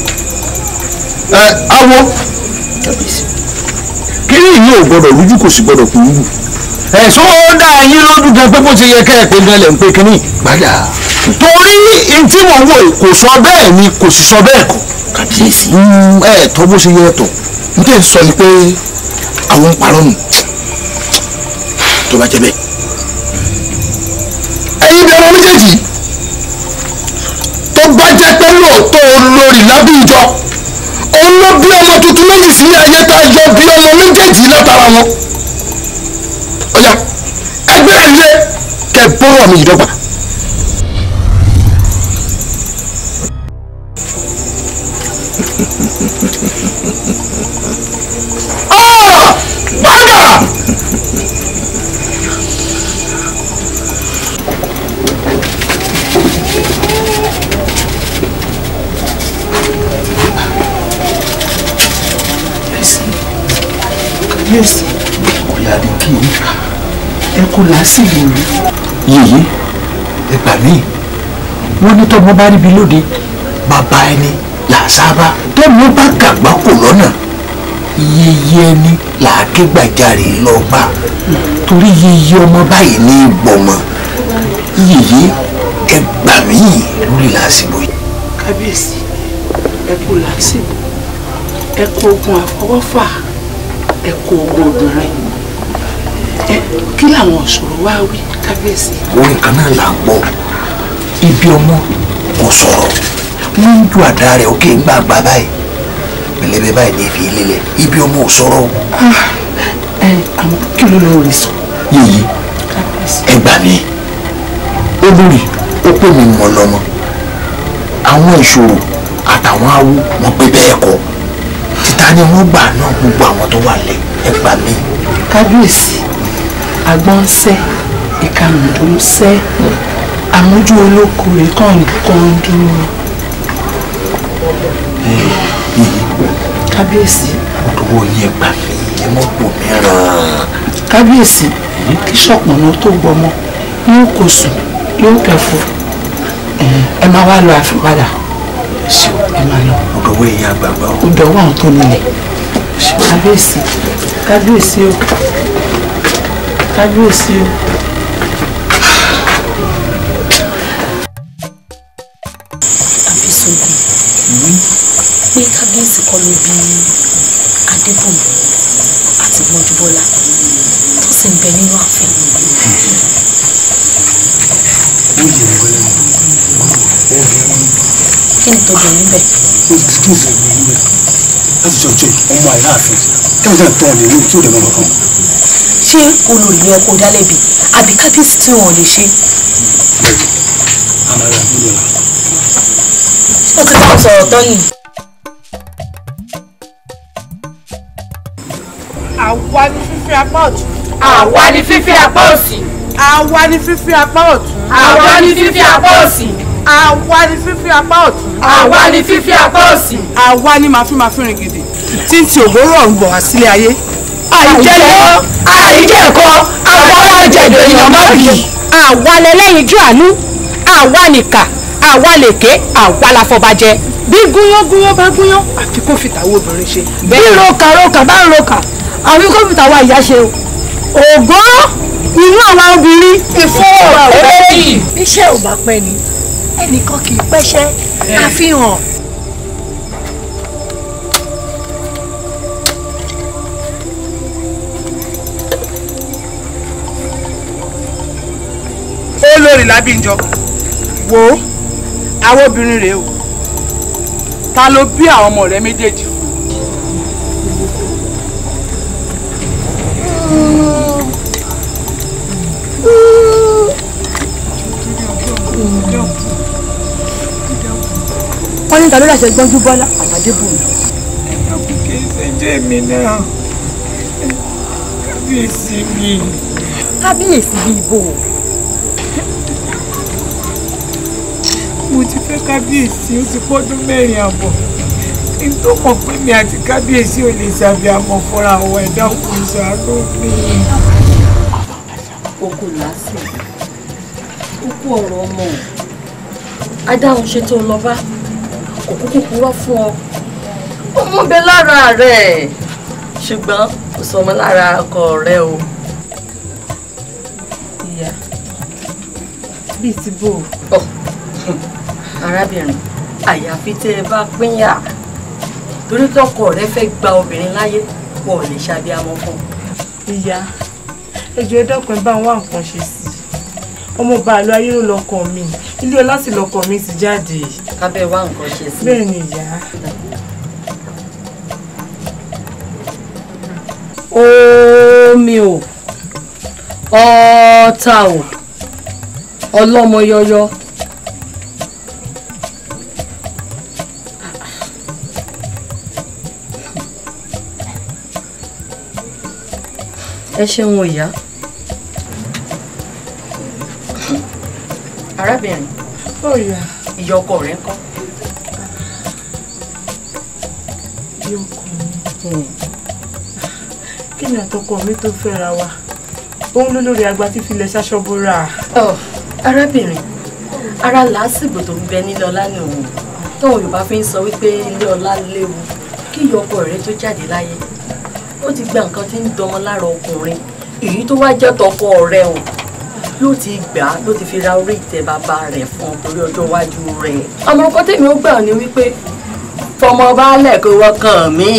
Speaker 7: ẹ awo kàbíyèsí kí ni ìyẹn ò gbọ́dọ̀ rújú
Speaker 1: kò sì gbọ́dọ̀ pè rúru. ẹ̀sùn ó dá yín lójú gan pé bó ṣe yẹ kẹ́ ẹ̀ pé gan lẹ̀ ń pé kínní.
Speaker 7: gbàdà. torí ntí mò ń kò sọ bẹ́ẹ̀ ni kò sì sọ bẹ́ẹ̀ kọ́ kàbíyèsí. Mm, ẹ tọ́ bó ṣe yẹ tọ̀ n tẹ́ sọ ni pé àwọn ń parọ́ nù tó bá jẹ́ bẹ́ẹ̀. ẹ̀yin bí ọmọ
Speaker 1: méjèèjì tó bá jẹ́ pé lóòótọ́ olórí lábíjọ òun ló bí ọmọ tuntun méjì sílé ayé tá a yọ bí ọmọ méjèèjì látara wọn. ọ̀yà ẹgbẹ́ àrílé kẹ bọ́rọ̀ mi ìdọ́gba. kábíyèsí ọ̀yàdé kì í ẹ kú làásìgbò rí
Speaker 6: yèyé
Speaker 7: ẹ gbà mí wọ́n ní tọ́mọ bá ríbi lóde bàbá ẹni làṣàbà tọ́mọ bá gàgbá kò lọ́nà yeye ẹni làákégbàjarè lọ́ba torí yeye ọmọ báyìí ní gbọmọ yèyé ẹ gbà mí lórí làásìgbò yìí.
Speaker 1: kábíyèsí ẹ kú làásìgbò ẹ kú ogun àfọwọ́fà ẹ kó ogun obìnrin kí làwọn ọ̀ṣọ́rọ̀ wá wí kábíyèsí. orin kan náà là ń
Speaker 7: gbọ́ ibi ọmọ kò sọ̀rọ̀ wọ́n ń ju àdá rẹ̀ ó kéé gbà gbà
Speaker 1: báyìí pẹlẹbẹ báyìí ní ìfi lélẹ̀ ibi ọmọ ò sọ̀rọ̀.
Speaker 3: Ah, ẹ àwọn kí ló lọ rí sọ.
Speaker 7: yìí ẹ gbà mí olórí ó pè mí mọ́ lọ́mọ àwọn ìṣòro àtàwọn awo wọn pé bẹ́ẹ̀ kọ́ títa ni wọ́n gbà náà gbogbo àwọn tó wà lẹ́ ẹgbà mi.
Speaker 2: kábíyèsí agbọ́n ń sẹ́ ìkarùn tó ń sẹ́
Speaker 1: àmójú olóko rẹ̀ kàn kàn dúró. kábíyèsí.
Speaker 5: olówó yẹn gbà mí ẹ mọ́ pò mí
Speaker 1: ràn. kábíyèsí hmm? kí ṣọ̀pọ̀nà tó gbọmọ yóò kò sùn yóò pẹ̀fọ́ ẹ máa wá lọ àfipadà ṣeun ẹ máa lọ
Speaker 7: ọ̀dọ̀wọ́
Speaker 5: ìyá àgbààgbà o.
Speaker 1: ọ̀dọ̀wọ́ àwọn tó nílẹ̀ kábíyèsí
Speaker 5: kábíyèsí o
Speaker 3: kábíyèsí o. àbísọ̀gùn hmm?
Speaker 2: pé kábíyèsí kọ́ ló bí adébọ̀mù àti mọ́júbọ́lá tó sì ń bẹ nínú àfẹ́. Hmm. ó yẹ ẹ wọlé kí ni tọjọ yín bẹ.
Speaker 5: kí ni
Speaker 1: tọjọ yín bẹ láti jọ jọ ọmọ àìláàfin kẹ́mi kẹ́mi tọ́ ọ lè lóyún tí ò lè mọ ọkàn.
Speaker 2: ṣé olórí yẹ kó dá lẹ́bi àbí kábíyèsí tí wọn lè ṣe. ara rẹ̀ ló ṣé o ti bá sọ̀rọ̀ yìí. àwa ni fífi apá ọ̀tún. àwa ni fífi apá òsì. àwa ni fífi apá ọ̀tún. àwa ni fífi apá òsì àwa ni fífi apá ọ̀tún. àwa ni fífi apá òsì. àwa ni màá fi màá fi rìn gidi. tí n ti ògbóró ọ̀run bọ̀ wá sílé ayé. àìjẹ́lọ́
Speaker 4: àìjẹ́kọ́ àdáwọ̀ jẹ̀dọ̀ èèyàn má bì í.
Speaker 2: àwa lẹlẹ́yin jú àánú àwa nìkà àwa lèké àwa la fọbajẹ. bí gúnyán gúnyán bá gúnyán àfi kó fi tàwọn obìnrin ṣe. bí roka roka bá ń roka àfi kó fi tàwọn ìyá ṣe o.
Speaker 6: ògbó inú àwọn obìnrin. ìfowópamọ́ iṣẹ́ ò bá pẹ́ ni ẹnìkan kì í pẹ́ṣẹ́ àfihàn.
Speaker 1: olórí lábíjọ wo àwọn obìnrin rèé o ta ló bí àwọn ọmọ rẹ méjèèjì
Speaker 2: wọ́n ní ìtàlórí àṣẹ gbọ́njú bọ́lá àtàdébùn.
Speaker 7: ẹ̀yà kò kí n ṣe jẹ́ mi náà
Speaker 3: kábíyèsí mi. kábíyèsí bíi ibo. mo ti fẹ́ kábíyèsí ó ti pọ́dún mẹ́rin àbọ̀ kí n tó mọ̀ pé mi àti kábíyèsí ò lè ṣàbí àmọ́ fúnra àwọn ẹ̀dá òkùnrin ṣàánú mi. oko làásì
Speaker 4: ó ọ̀rọ̀
Speaker 2: ọmọ ò adáhùn ṣe tó lọ bá kò kúkú purọ́ fún ọ ọmọ bẹ lára rẹ ṣùgbọ́n kò sọ ọmọ lára ọkọ rẹ o. ìyá bíi ti bò ó. arábìnrin àyàfi tẹ ẹ bá pínyà torí tọkọ rẹ fẹ́ gba obìnrin láyé wọn ò lè ṣàbíamọ fún. ìyá ẹjọ ẹ dọkùn ẹ bá wọn nǹkan ṣe sí i ọmọ bàálù ayé ló lọkọ mi ilé ọlá sì lọkọ mi ti jáde kábẹ́ wá nǹkan ṣe sí. bẹ́ẹ̀ ni
Speaker 4: ìyá. omi
Speaker 2: ò ọ̀ọ́ta ò ọlọ́mọ yọyọ. ẹ ṣeun ìyá. arábìnrin. ó yá. Oh, ìyá ọkọ rẹ ńkọ́. ìyá ọkọ mi kí ni àtọkọ mi tó fẹ́ra wa òun ló lórí agba tí filẹ̀ ṣaṣọ́bóra. arábìnrin ara làásìgbò tó ń bẹ nílé ọlá ni òun tóun yorùbá fi ń sọ wípé ilé ọlá léwu kí ìyá ọkọ rẹ tó jáde láyé ó ti gba nǹkan tí ń dán lára ọkùnrin èyí tó wá jẹ́ tọkọ rẹ o yóò ti gbà á yóò ti fi ra orí ìtẹ́ bàbá rẹ̀ fún ọ torí iwájú rẹ̀. ọmọ nǹkan tèmi ó gbà ní wípé fọmọ baálẹ̀ kò wọkàn mí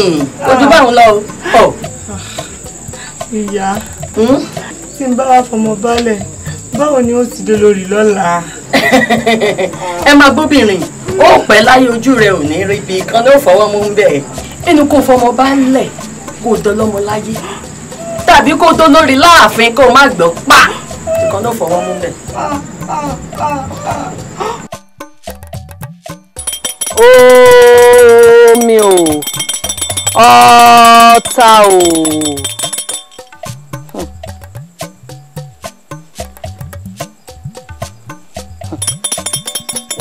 Speaker 2: ojú bá ń lọ o. Ah. Oh. ìyá hmm? tí n bá wà fọmọ baálẹ̀ báwo ni ó ti dé lórí lọ́la. ẹ máa gbóbìnrin ó pẹ́ láyé ojú rẹ̀ ò ní rí ibi kan ló fọwọ́ mú bẹ́ẹ̀ ẹnu kò fọmọ baálẹ̀ kò dán lọ́mọ láyé tàbí kó tó lórí láàfin kó má gbọ́ pa kan ló fọwọ́ mú bẹ̀. omi o ọta o.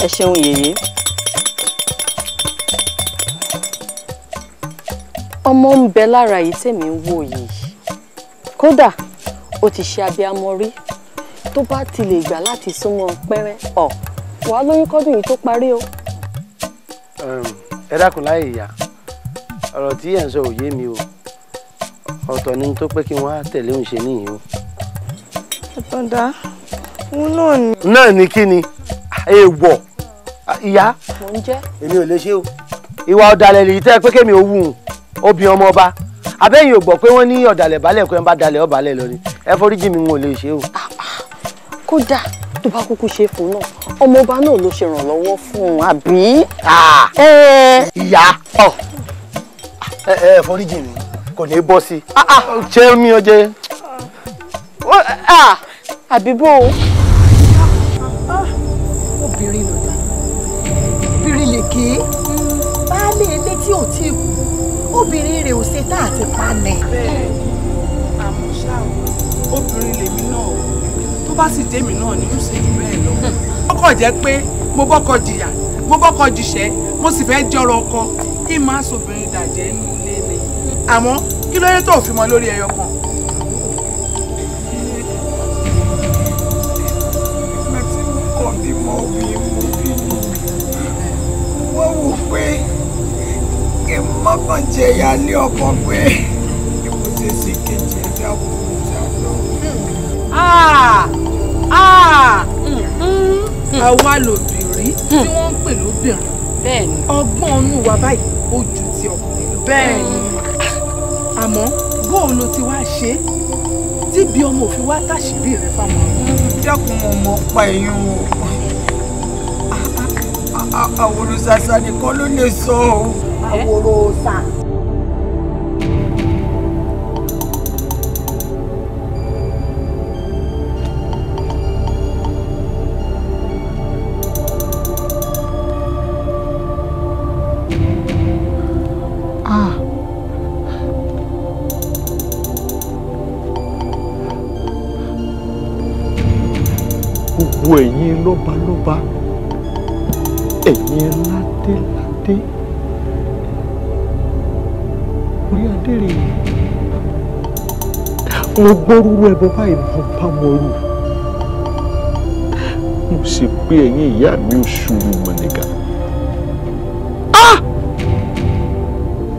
Speaker 2: ẹ ṣeun yèyé. ọmọ ń bẹ lára yìí tèmi ń wò yìí kódà ó ti ṣe abiyamọ rí tó bá ti lè gbà láti súnmọ́ pẹ́rẹ́ ọ̀ wàá lóyún kọ́dún yìí tó parí o.
Speaker 5: ẹ dákun láyè ìyá ọ̀rọ̀ tí ẹ̀ ń sọ ò yé mi o ọ̀tọ̀ ni tó pé kí wọ́n á tẹ̀lé òun ṣe nìyí o.
Speaker 2: ìbọ̀dà
Speaker 1: òun náà ni. náà ni kí ni èèwọ̀ ìyá èmi ò lè ṣe o ìwà ọ̀dàlẹ̀ lèyí tẹ́ pé kémi ò wù ú obìnrin ọmọ ọba abẹ́yìn ò gbọ́ pé wọ́n ní ọ̀dàlẹ̀ balẹ̀ kó ẹ bá dalẹ̀ ọ̀bàlẹ̀ lọ ni ẹ foríjì mi wọn ò lè ṣe o. Ah,
Speaker 2: kódà tó bá kúkú ṣe fún náà ọmọọba náà ló ṣe ìrànlọ́wọ́ fún un àbí. ìyá ọ
Speaker 1: ẹ ẹ foríjì mi kò ní bọ́ sí i ah, ah, ṣé mi ò jẹ.
Speaker 2: àbíbó o. Ah, obìnrin ló dá obìnrin lè ké baálé ilé tí ò tí kú obìnrin rẹ̀ ò ṣe tá àti pa nẹ. bẹ́ẹ̀ àmọ́ ṣá o obìnrin lè tó bá sì démi náà ni yóò ṣe jù bẹ́ẹ̀ lọ.
Speaker 1: ó kàn jẹ́ pé mo bọ́kọ jìyà mo bọ́kọ jìṣẹ́ mo sì fẹ́ jọrọ ọkọ kí n má sobìnrin dàjẹ́ nù ilé ni. àmọ́ kí ló dé tó fi mọ lórí ẹyọ kan.
Speaker 6: wọ́n wò pé kí n má bàjẹ́ yálé ọkọ pé kí mo ṣe sí kejì ẹ̀dá
Speaker 2: wò.
Speaker 1: wa
Speaker 5: lóbìnrin tí hmm. wọ́n ń pè lóbìnrin bẹ́ẹ̀ni ọgbọ́n inú wa báyìí ó ju ti ọkùnrin lọ bẹ́ẹ̀ni àmọ́ bóun ló ti wá ṣe é
Speaker 1: tí bí ọmọ òfin wá tàṣírí rẹ fáwọn. dákun mo mọ
Speaker 5: pa èèyàn o
Speaker 3: àwòrán ṣàṣà nìkan ló lè sọ o.
Speaker 4: àwòrán ṣàṣà.
Speaker 3: lọ́balọ́ba ẹ̀yin ládéládé orí adére mo gbórúurú ẹbọ báyìí mo bá wọn rù mo sì pé ẹ̀yin ìyá mi ò ṣòro mọ̀nìkà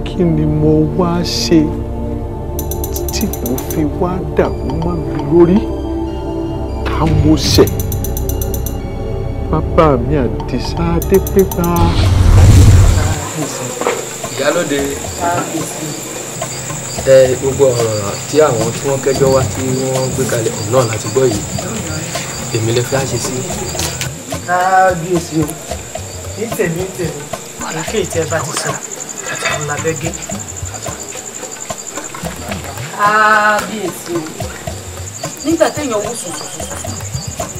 Speaker 3: kí ni mo wá ṣe tí mo fi wá dàrú mọ́ mi lórí ta mo ṣẹ̀. Papa mi àdìsá adépépá.
Speaker 5: ìyálòde ẹ gbogbo ọ̀rọ̀ tí àwọn tí wọ́n kẹ́jọ́ wá tí wọ́n gbé kalẹ̀ ọ̀hún náà láti gbọ́ yìí èmi lè fẹ́ àṣẹ sí. kábíyèsí o ní tèmi ní tèmi èké ìtẹ́ bá ti sọ ọ̀hún
Speaker 2: làbẹ́ gé. kábíyèsí o nígbà téèyàn wò sùn sùn sùn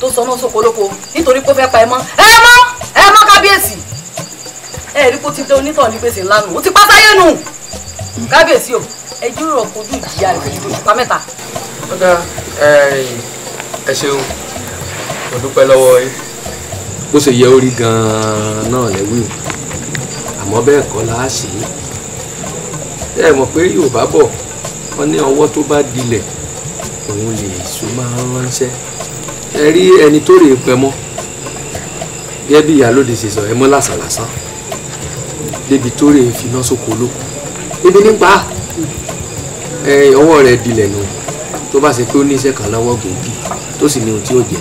Speaker 2: tó sọnà sóko lóko nítorí pé ó fẹ́ pa ẹ mọ́ ẹ mọ́ ẹ mọ́ kábíyèsí ẹ rí kó ti dé onítọ̀ ní gbèsè ńlá nù ó ti pa nù kábíyèsí o ẹ jíròrò kojú ìjìyà rẹ ju ìpa mẹ́ta.
Speaker 5: ọ̀dà ẹ ṣeun mo dúpẹ́ lọ́wọ́ yín bó ṣe yẹ orí gan-an náà lẹ́wí o àmọ́ bẹ́ẹ̀ kọ́ la á ṣe é ẹ mọ̀ pé Yorùbá bọ̀ wọ́n ní ọwọ́ tó bá dilẹ̀ òun lè so máa ránṣẹ́ ẹ rí ẹni tó rè é pẹ́ mọ́ gẹ́gẹ́ bí ìyálòde ṣe sọ ẹ mọ́ làṣà lásán débi tó rè é finá sóko olóko ebi nípa ẹ ọwọ́ rẹ̀ dilẹ̀ nù tó bá ṣe pé ó ní iṣẹ́ kan lọ́wọ́ gbòógì tó sì ní ohun tí ó jẹ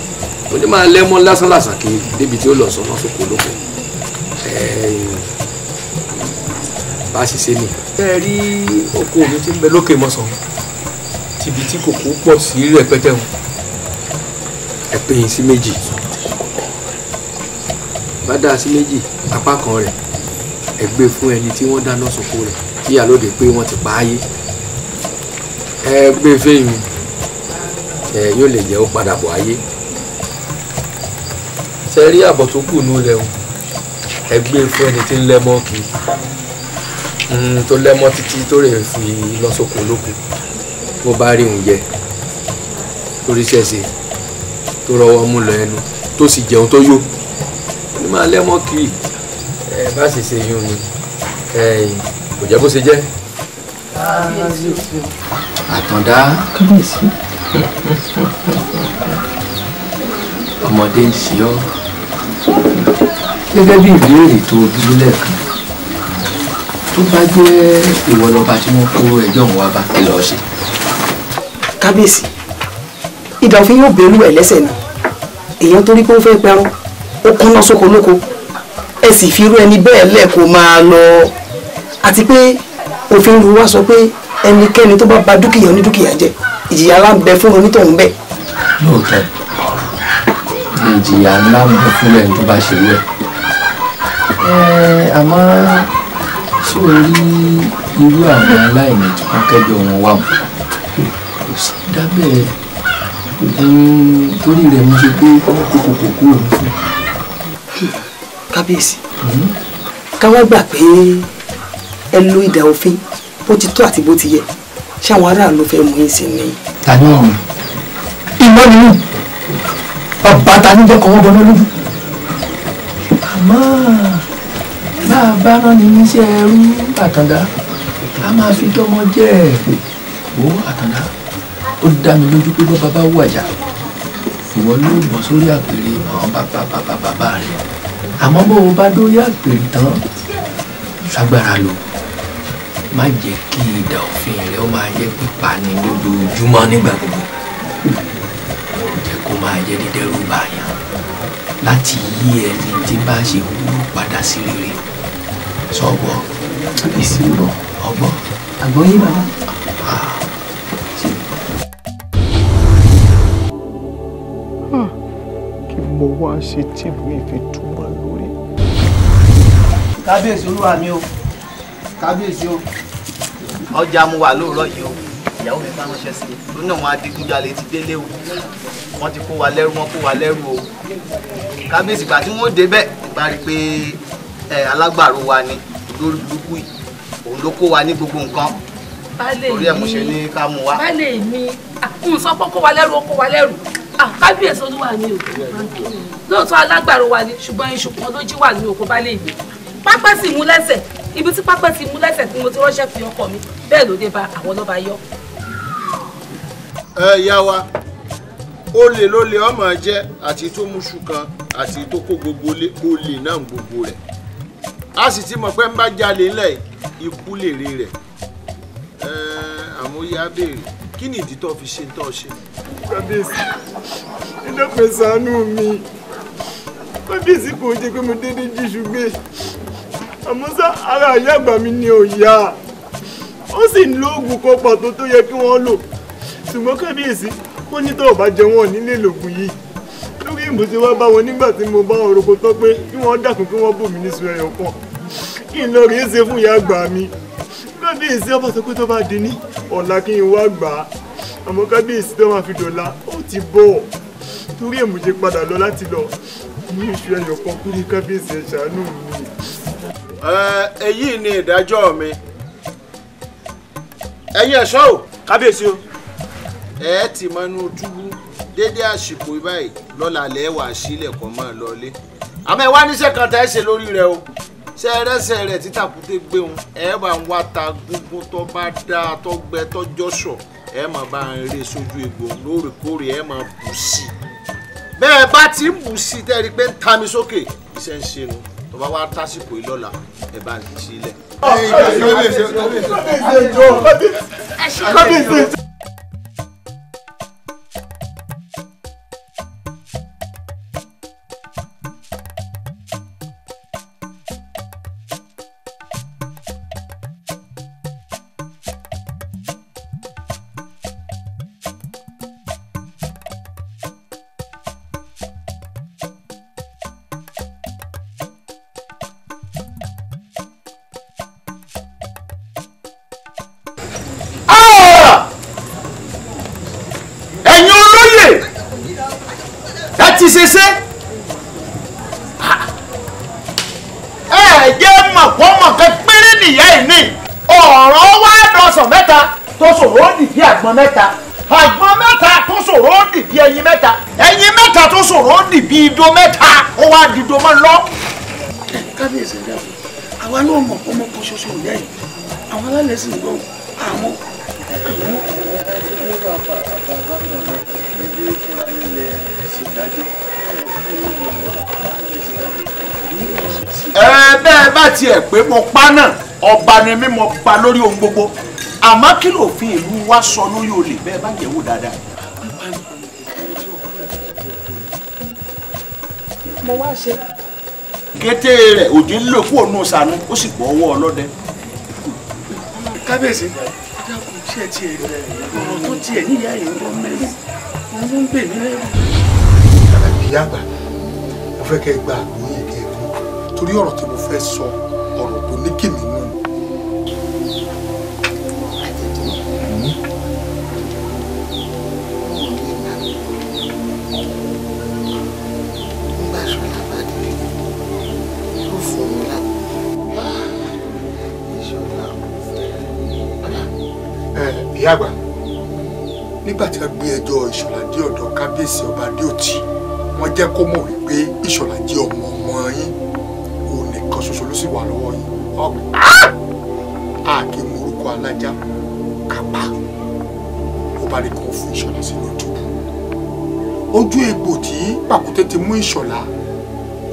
Speaker 5: ó ní máa lẹ́mọ́ lásán làṣà kiri débi tí ó lọ sọmọ́ sóko olóko bá a ṣe nì. ẹ rí oko mi ti ń bẹ lókè mọ́sán tìbí tí kòkó pọ̀ sí rẹpẹtẹ wọn ẹ pín in sí méjì bá dáa sí méjì apá kan rẹ̀ ẹ gbé fún ẹni tí wọ́n dáná sọ̀kò rẹ̀ tí ìyàlóde pé wọ́n ti pa áyé ẹ gbé fẹ́yìn ẹ yóò lè jẹ́ ó padà bọ̀ ayé ṣe rí àbọ̀ tó kù nù lẹ́hùn ẹ gbé fún ẹni tí ń lẹ́mọ́ kí hmm, tó lẹ́mọ́ títí tó rè fi lọ sóko lóko bó bá rí òun jẹ torí ṣẹ́ṣe tó rọwọ́ mú lọ ẹnu tó sì jẹun tó yó ní máa lẹ́mọ́ kiri ẹ bá sì ṣe yún ni kò jẹ́ bó ṣe jẹ́. àtàndá ọmọdé ń ṣe ọ́ gẹ́gẹ́ bí ìbéèrè tó dúró lẹ́ẹ̀kan tó bá jẹ́ ìwọ lọ́ba tí wọ́n kó ẹjọ́ òun wá bá ẹ lọ́ọ́ ṣe. kábíyèsí
Speaker 2: ìdà òfin yóò bẹ̀rù ẹ̀ lẹ́sẹ̀ ni èèyàn torí pé ó fẹ́ parun ó kúnná sóko lóko ẹ sì fi irú ẹni bẹ́ẹ̀ lẹ̀ kó máa lọ àti
Speaker 7: pé òfin ìlú wa sọ pé ẹnikẹ́ni tó bá ba dúkìá onídúkìá jẹ ìjìyà ńlá ń bẹ fún onítọ̀hún bẹ́ẹ̀.
Speaker 5: lóòótọ́ ìjìyà ńlá ń bẹ fún ẹni tó bá ṣe wẹ̀ àmọ́ ṣé o rí irú àwọn aláìní tí wọ́n kẹ́jọ wọn wà mọ́ kò sí dábẹ́ torí rẹ̀ mo ṣe pé kókò kò kúrò nífẹ̀ẹ́. kábíyèsí hmm? káwá gbà pé ẹ
Speaker 2: lo ìdà òfin bó ti tó àti bó ti yẹ ṣáwọn aráàlú fẹ́ mú ìsìn ni.
Speaker 5: tani ọ̀run iná nínú bàbá ta níjọ kọ́ wọ́n bọ́ àmọ́ bá a bá rán ni níṣẹ́ ẹrú àtàndá a máa fi dọ́mọ jẹ́ ẹ̀ pé ó àtàndá ó dá mi lójú pé bọ́ba bá wàjà ìwọ ló bọ́ sórí àpèrè àwọn bàbá bàbá bàbá rẹ̀ àmọ́ bó o bá dórí àpèrè tán ṣàgbára lò má jẹ́ kí ìdà òfin rẹ̀ ó máa jẹ́ pípa ní lójoojúmọ́ nígbà gbogbo jẹ́ kó máa jẹ́ dídẹ́rù bàyàn láti yí ẹni tí bá ṣe wúlò padà sí rere sọ̀gbọ́ ìsìnbọ̀
Speaker 3: ọgbọ́n àgbọ̀yé bàbá. wá ṣe tìlú ìfitúmọ̀ lórí.
Speaker 1: kábíyèsí olúwa mi o kábíyèsí o ọjà mo wà lóòrọ̀ yìí o ìyàwó mi bá ránṣẹ́ sí mi lónìí àwọn adigunjalè ti délé o wọ́n ti kó wa lẹ́rú wọ́n kó wa lẹ́rú o kábíyèsí ìgbà tí wọ́n débẹ̀ ìgbà rí pé alágbàro wa ni lórí burúkú yìí òun ló kó wa ní gbogbo nǹkan
Speaker 2: orí ẹ̀ mo ṣe ní ká mú wa. bá lè mi ah, n sọ pé kó wa lẹ́rú ó kó wa lẹ́rú Ah, kábíyèsí olúwa ni o lóòótọ́ alágbàro wa ni ṣùgbọ́n iṣu kan ló jí wà ní oko balẹ̀ ìgbé pápẹ́ sì mú lẹ́sẹ̀ ibi tí pápẹ́ ti mú lẹ́sẹ̀ tí mo ti ránṣẹ́ fi ọkọ mi bẹ́ẹ̀ ló dé bá àwọn ọlọ́ba yọ.
Speaker 1: ẹ yá wa olè ló lè ọmọ jẹ àti tó múṣu kan àti tó kó gbogbo olè náà gbogbo rẹ̀ a sì ti mọ̀ pé ń bá jalè ńlẹ̀ ikú lèrè rẹ̀ àmọ́ yá béèrè kí ni ìdí tó fi ṣe ń tọ́
Speaker 3: ṣe kábíyèsí ẹ dọ́pẹ́ ṣàánú mi kábíyèsí kò jẹ́ pé mo dédé jí ṣùgbé àmọ́ sá ara ìyá àgbà mi ni ò
Speaker 1: yá ó sì ń lo oògùn kan pàtó tó yẹ kí wọ́n lò ṣùgbọ́n kábíyèsí ó ní tó bá jẹ wọn nílé lògùn yìí lórí ìbùsùn wá bá wọn nígbà tí mo bá wọn roko tán pé kí wọ́n dákun kí wọ́n bò mí níṣu ẹyọ kan kí n lọ rèé ṣe fún ìyá àgbà mi
Speaker 3: kábíyèsí ọba sọ pé tó bá di ní ọ̀la kí n wá gbà á àmọ́ kábíyèsí tó máa fi dọ̀la ó ti bọ̀ torí èmù ṣe padà lọ láti lọ mú iṣu ẹyọ kan kú ní kábíyèsí ẹ ṣàánú mi.
Speaker 1: èyí ni ìdájọ́ mi ẹ̀yin ẹ̀ṣọ́ o kábíyèsí o ẹ ti mọnú túbú dédé àsìkò báyìí lọ́la lẹ́wà sílẹ̀ kan mọ́ ẹ lọ́lé àmọ́ ẹ wá níṣẹ́ kan tá ẹ ṣe lórí rẹ o ṣe ẹrẹ́sẹ̀ rẹ̀ títàkùté gbéhùn ẹ bá ń wá ta gúngún tó bá dáa tó gbẹ tó jọ́sọ̀ ẹ máa bá ń ré sójú egbò lóòrèkóòrè ẹ máa bù sí i bẹ́ẹ̀ bá ti ń bù sí i tẹ́rí pé ń ta mi sókè iṣẹ́ ń ṣe nu tó bá wá tásìkò yìí lọ́la ẹ bá ń sílẹ̀. ẹ ṣe kọ́ bí ìṣe. ti ṣe ṣe ẹ jẹ́ mọ̀pọ́mọ̀kẹ́ péré nìyá yìí ni ọ̀rọ̀ wá dọ̀sán mẹ́ta tó ṣòro ó dìbí àgbọn mẹ́ta àgbọn mẹ́ta tó ṣòro ó dìbí ẹyin mẹ́ta ẹyin mẹ́ta tó ṣòro ó dìbí idó mẹ́ta ó wá dìdó mọ́ lọ. kábíyèsí ń dàbọ̀ àwa náà mọ̀ pọ́mọ́kọ́ ṣoṣo ìyá yìí àwọn alálẹ̀ sì ń gbọ́ ẹ bẹ́ẹ̀ bá tiẹ̀ pé mo pa ọba ni mí mo pa lórí ohun gbogbo àmọ́ kí lòfin ìlú wa sọ lórí olè bẹ́ẹ̀ bá yẹ̀wò dáadáa. mo wá ṣe. rẹ̀ òjì ń lò kú òun sànú ó sì ọwọ́ ọlọ́dẹ.
Speaker 3: kábíyèsí dákun torí ọ̀rọ̀ tí mo fẹ́ sọ ọ̀rọ̀ tó ní kìmí nù. ìyá nígbà tí a gbé ẹjọ́ ìṣọ̀lá dé ọ̀dọ̀ kábíyèsí ọba adéòtí wọ́n jẹ́ kó mọ̀ wípé ìṣọ̀lá jẹ́ ọmọ ọmọ ṣoṣo ló sì wà lọ́wọ́ yìí ọ̀gbìn á kì í mú orúkọ alájà kápá ó bá rí kan fún ìṣọ̀lá sínú ìdúró ojú egbò tí pàkúté ti mú ìṣọ̀lá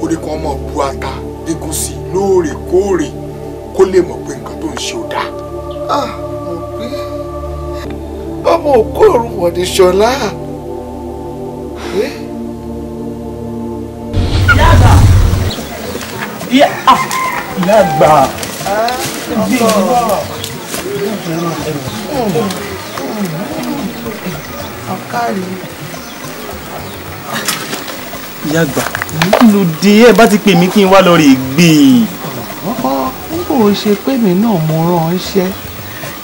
Speaker 3: orí kan mọ̀ bu ata gígùn sí lóòrèkóòrè kó lè mọ̀ pé nǹkan tó ń ṣe ò dáa. Ah, mo rí ọmọ òkú òrùn wọ̀de ṣọlá. Ah, ìyá àgbà bí ah, ìwà ọ̀kárí. ìyá àgbà ló dé
Speaker 1: ẹ bá ti pè mí kí n wá lọ rè gbé e.
Speaker 3: n kò ṣe pé mi náà mo rán an ṣẹ́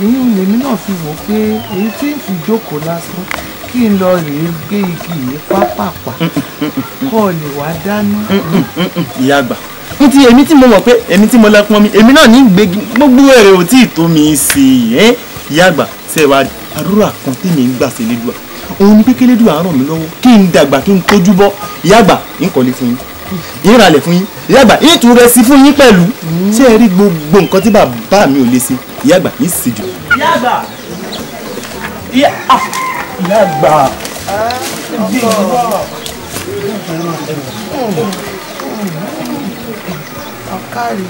Speaker 3: èyí lèmi náà fi wò pé èyí tí ń fi jókòó lásán kí n lọ rèé gbé igi yìí pápápá kọ́ ọ lè wá dáná.
Speaker 1: ìyá àgbà ní ti èmi tí mo mọ̀ pé èmi tí mo lọ pọn mi èmi náà ní gbé gbogbo èrè ò tí ì tó mi sí i ẹ́ ìyá àgbà ṣe wá àdúrà kan tèmi ń gbà sí elédùà òun ni pé kélédùà ràn mí lọ́wọ́ kí n dàgbà kí n tójú bọ́ ìyá àgbà ń kọ́lé fún yín ìrànlẹ̀ fún yín ìyá àgbà ètò rẹ̀ sí fún yín pẹ̀lú ṣé ẹ rí gbogbo nǹkan tí bàbá mi ò lè ṣe ìyá àgbà ní ìṣèjọ. ìyá àgbà ìyá ah, àgbà káàrí.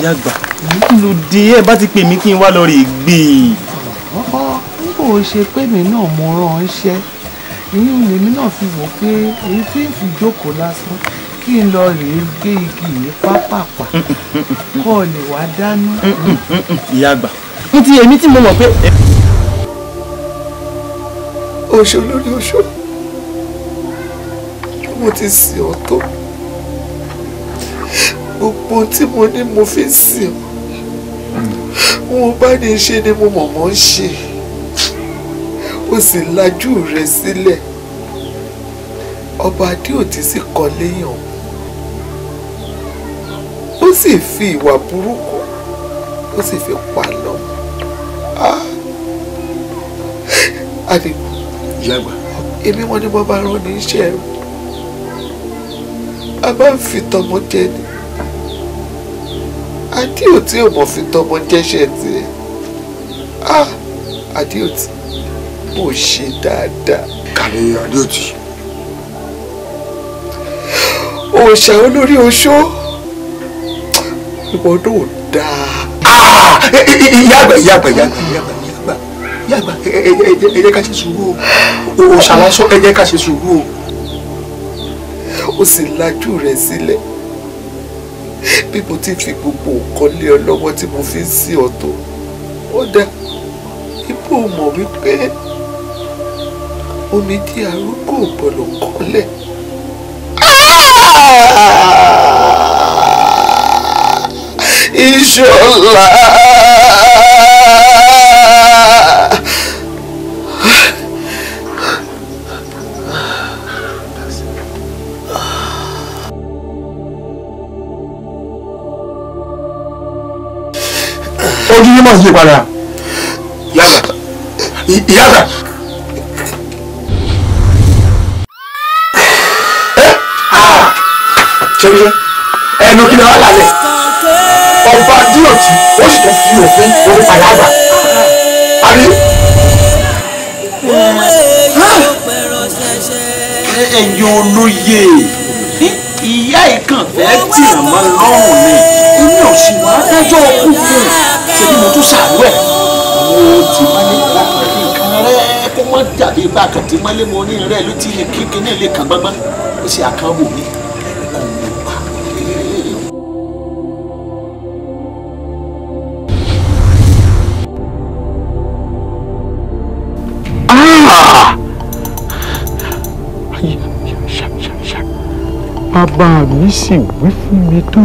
Speaker 1: ìyá àgbà ló dé ẹ bá ti pè mí kí n wá lọ rè gbé e.
Speaker 3: n kò ṣe pé mi náà mo rán an ṣẹ́ ìyún lèmi náà fi wò pé èyí tí ń fi jókòó lásán kí n lọ rèé gé igi yìí pápápá
Speaker 1: kó lè wá dáná. ìyá àgbà ní ti èmi tí mo mọ̀ pé.
Speaker 3: oṣù lórí oṣù mo ti sìn ọ́ tó gbogbo tí mo ní mo fi sìn wọn bá ní ṣe ni mo mọ̀mọ́ ń ṣe o sì lajú rẹ sílẹ̀ ọba adéòtí sì kọ léyàn ó sì fi ìwà burúkú ó sì fi pa lọ. adigun yàgbà èmi wọn ni mo bá rán ní iṣẹ́ rẹ a bá ń fi tọmọ jẹ ni adéòtí ò mọ̀ fi tọmọ jẹ́ṣẹ̀ tiẹ̀ ah adéòtí mo ṣe dáadáa. kàní adéòtí. òòṣà olórí oṣó ìwọ náà dáa. ìyá àgbà ìyá àgbà ìyá àgbà ìyá àgbà ìyá àgbà ẹ jẹ́ ká ṣe sùúrù o òòṣà lásán ẹ jẹ́ ká ṣe sùúrù o. o sì lajú rẹ̀ sílẹ̀. Si bí mo ti fi gbogbo nǹkan lé ọ lọ́wọ́ tí mo fi ń sí ọ̀tọ̀ ó dá ibò mọ̀ wípé omi di arúgbó gbọ́dọ̀ kọ́lẹ̀.
Speaker 4: Ìṣọ̀lá.
Speaker 7: ojú yín mọ̀ sí padà.
Speaker 1: yàrá yàrá. Ah! ṣẹ́yìn
Speaker 6: ẹnu kí ni wọ́n lálẹ́
Speaker 1: ọba díòtì ó sì tún fi òfin orí padà gbà. àbí. ẹ̀yin olóye ìyá ìkànfẹ́ tì mọ́ lọ́rùn ni èmi ò sì wá dájọ́ fún un tí mo tún ṣàrú ẹ̀ mo ti mọ́lé lápẹ̀rẹ̀ nǹkan rẹ̀ kó mọ́ dàbí ìgbà kan ti mọ́lé mo ní rẹ̀ ló ti lè kíkẹ́ náà lè kàn gbọ́ngbọ́n ó sì àkànwò mi. Ah!
Speaker 3: bàbá mi sì wí fún mi tó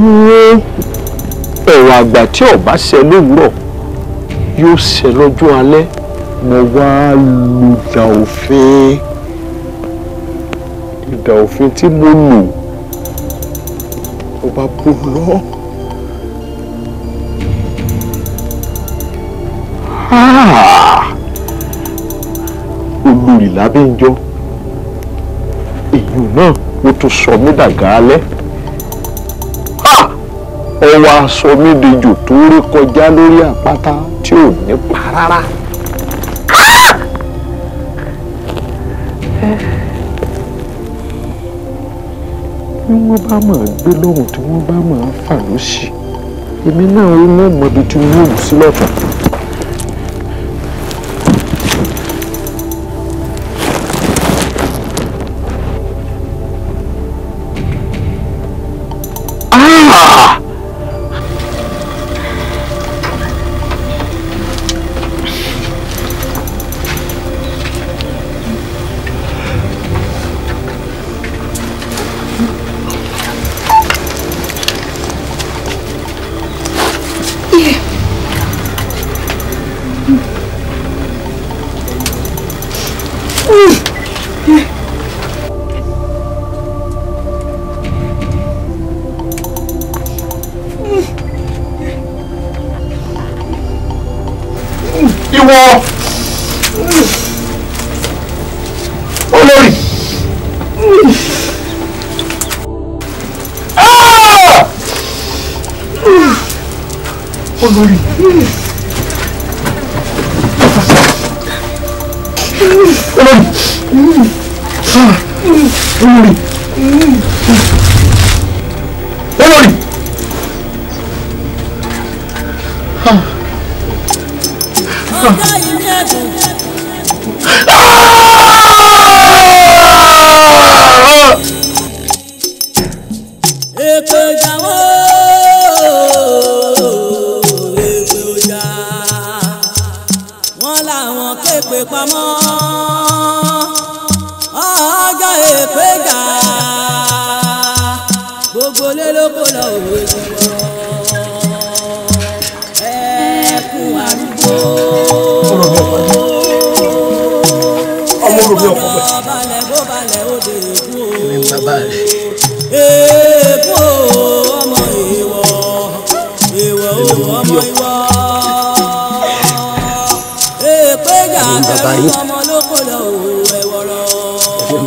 Speaker 7: ẹ̀wà àgbà tí ọ̀bá ṣẹ lówùúrọ̀ yóò ṣẹ lọ́jọ́ alẹ́ mo
Speaker 3: wá lu ìdà òfin ìdà òfin tí mo lù ọba bò lọ.
Speaker 7: Ah! olùrìlà bí ń jọ èyí náà ó tún sọ mí dàgá alẹ́ ọwọ́ aṣọ médejò tó rí kọjá lórí àpáta tí ò ní pa rárá.
Speaker 3: bí wọ́n bá mọ̀ gbé lọ́hùn tí wọ́n bá mọ̀ fà lọ́sì èmi náà ó mọ̀ mọ́bi tí wọ́n wù sí lọ́tọ̀.
Speaker 6: ìwọ olórí. Ah! olórí. olórí. Ah! olórí. 哼。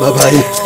Speaker 6: bàbá yín.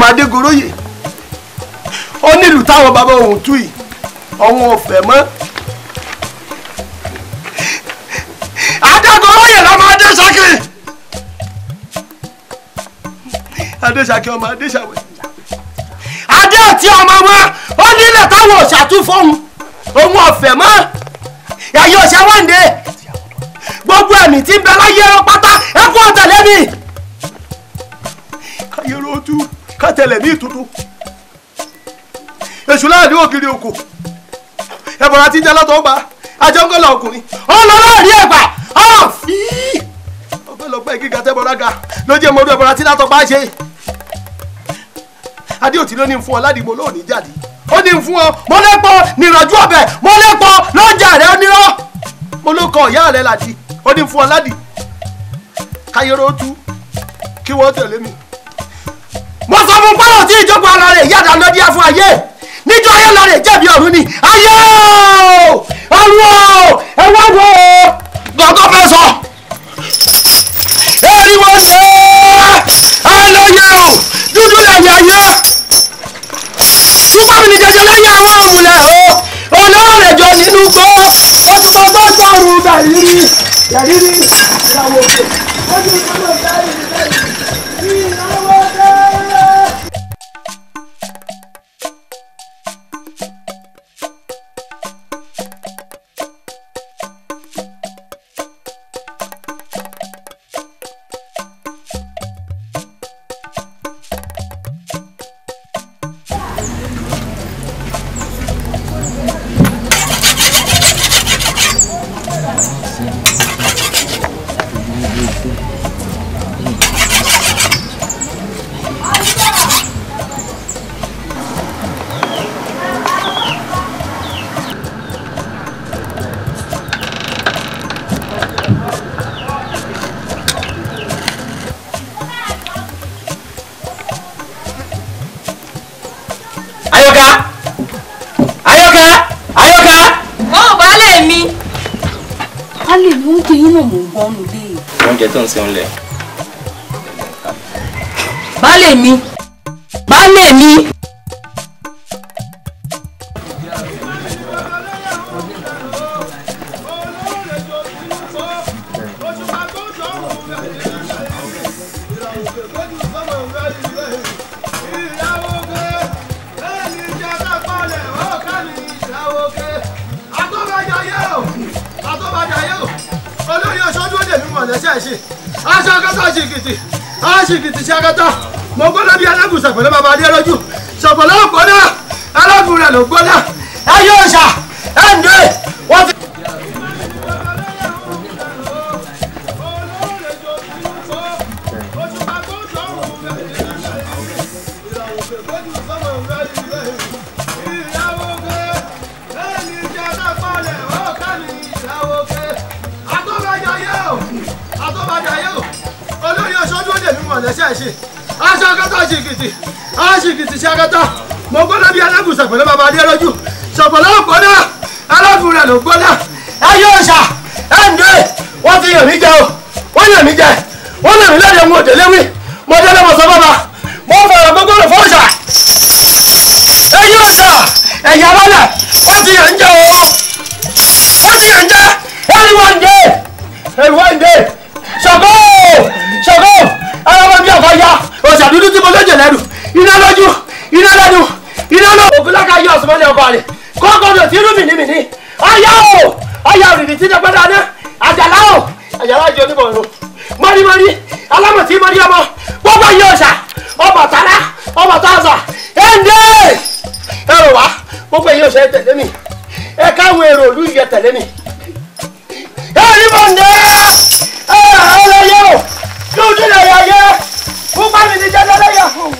Speaker 1: ọmọ adégoróyè ó nílùú táwọn bàbá òun tú yìí ọ̀hún ọ̀fẹ́ mọ́ adégoróyè lọ́mọ adéṣakè adéṣakè ọmọ adéṣàwẹ̀ adé àti ọmọ wọn ó nílẹ̀ táwọn òṣàtúfọ̀hún òun ọ̀fẹ́ mọ́ ẹ̀yẹ ọ̀ṣẹ́ wọ́ndé gbogbo ẹ̀mí tí ń bẹ láyé pátá ẹ̀kú ọ̀tẹ̀lẹ́mì ayé rotu kátẹlẹ̀ ní ìtútù èṣù láàrin ògiri oko ẹ̀bọ̀n àti ìjà látọ̀ ọgbà ajọ́ngọ́lá ọkùnrin ọlọ́láàrin ẹ̀gbà ọ̀fì ọgbẹ́lọgbẹ́ gíga tẹ́bọ̀lága lójú ẹ̀mọ́dún ẹ̀bọ̀n àti látọ̀ bá ṣe adéòtí ló ní fún ọ ládìgbò lóòní jáde ó ní fún ọ mọ́lẹ́pọ̀ nìrọ̀jú ọbẹ̀ mọ́lẹ́pọ̀ lọ́jà rẹ̀ onírọ́ mọ́lọ́kọ̀ ọ̀yá rẹ̀ làdí ó ní fún ọ ládì káyọ̀rọ̀ ó tú kí wọ́n tẹ̀lé mi wọ́n sọ fún pọ́lọ̀ tí ìjókòó ara rẹ̀ yàtọ̀ lọ́dí afọ ayé níjọ́ ayé lọ́rẹ̀ jẹ̀bi ọ̀run ni ayé ọ̀run o ẹ wá wo gbọ̀ngàn fẹ́ sọ. eriwo ṣe alóye o dúdú lẹ́yìn ayé túbọ̀ mi ní jẹjẹ lẹ́yìn àwọn òmùlẹ̀ o olówó nínú kó
Speaker 4: ó gbọ́dọ̀ ọ̀run bàrí yàrí rí ìyàwó òkè ó tún mọ gbọ́dọ̀ ọ̀run bàrí yàrí ìyàwó.
Speaker 3: oúnjẹ tó ń ṣe ń lẹ̀.
Speaker 2: mi baálé mi.
Speaker 1: mọ́lẹ̀ ọba rẹ̀ kọ́kọ́dọ̀ tí rú mìnìmìnì ọ̀yá o ọ̀yá òrìrì tí dẹ́gbẹ́ dáná àjàlá o àjàlá jẹ onímọ̀ọ́rọ̀ mọ́rímọ́rí alámọ̀tí mọ́rí ọmọ gbogbo ayé ọ̀sà Ọbàtálá Ọbàtálá ẹ̀ǹdẹ́ ẹ rò wá gbogbo ayé ọ̀sà ẹ tẹ̀lé mi ẹ káwọn èrò òlú yẹ tẹ̀lé mi ẹ rí mọ̀ǹdẹ́ ẹ ọlọ́yẹ o lóòdì lẹ́yẹ yẹ fún bá mi ní jẹ́ lọ́lẹ́yẹ fún.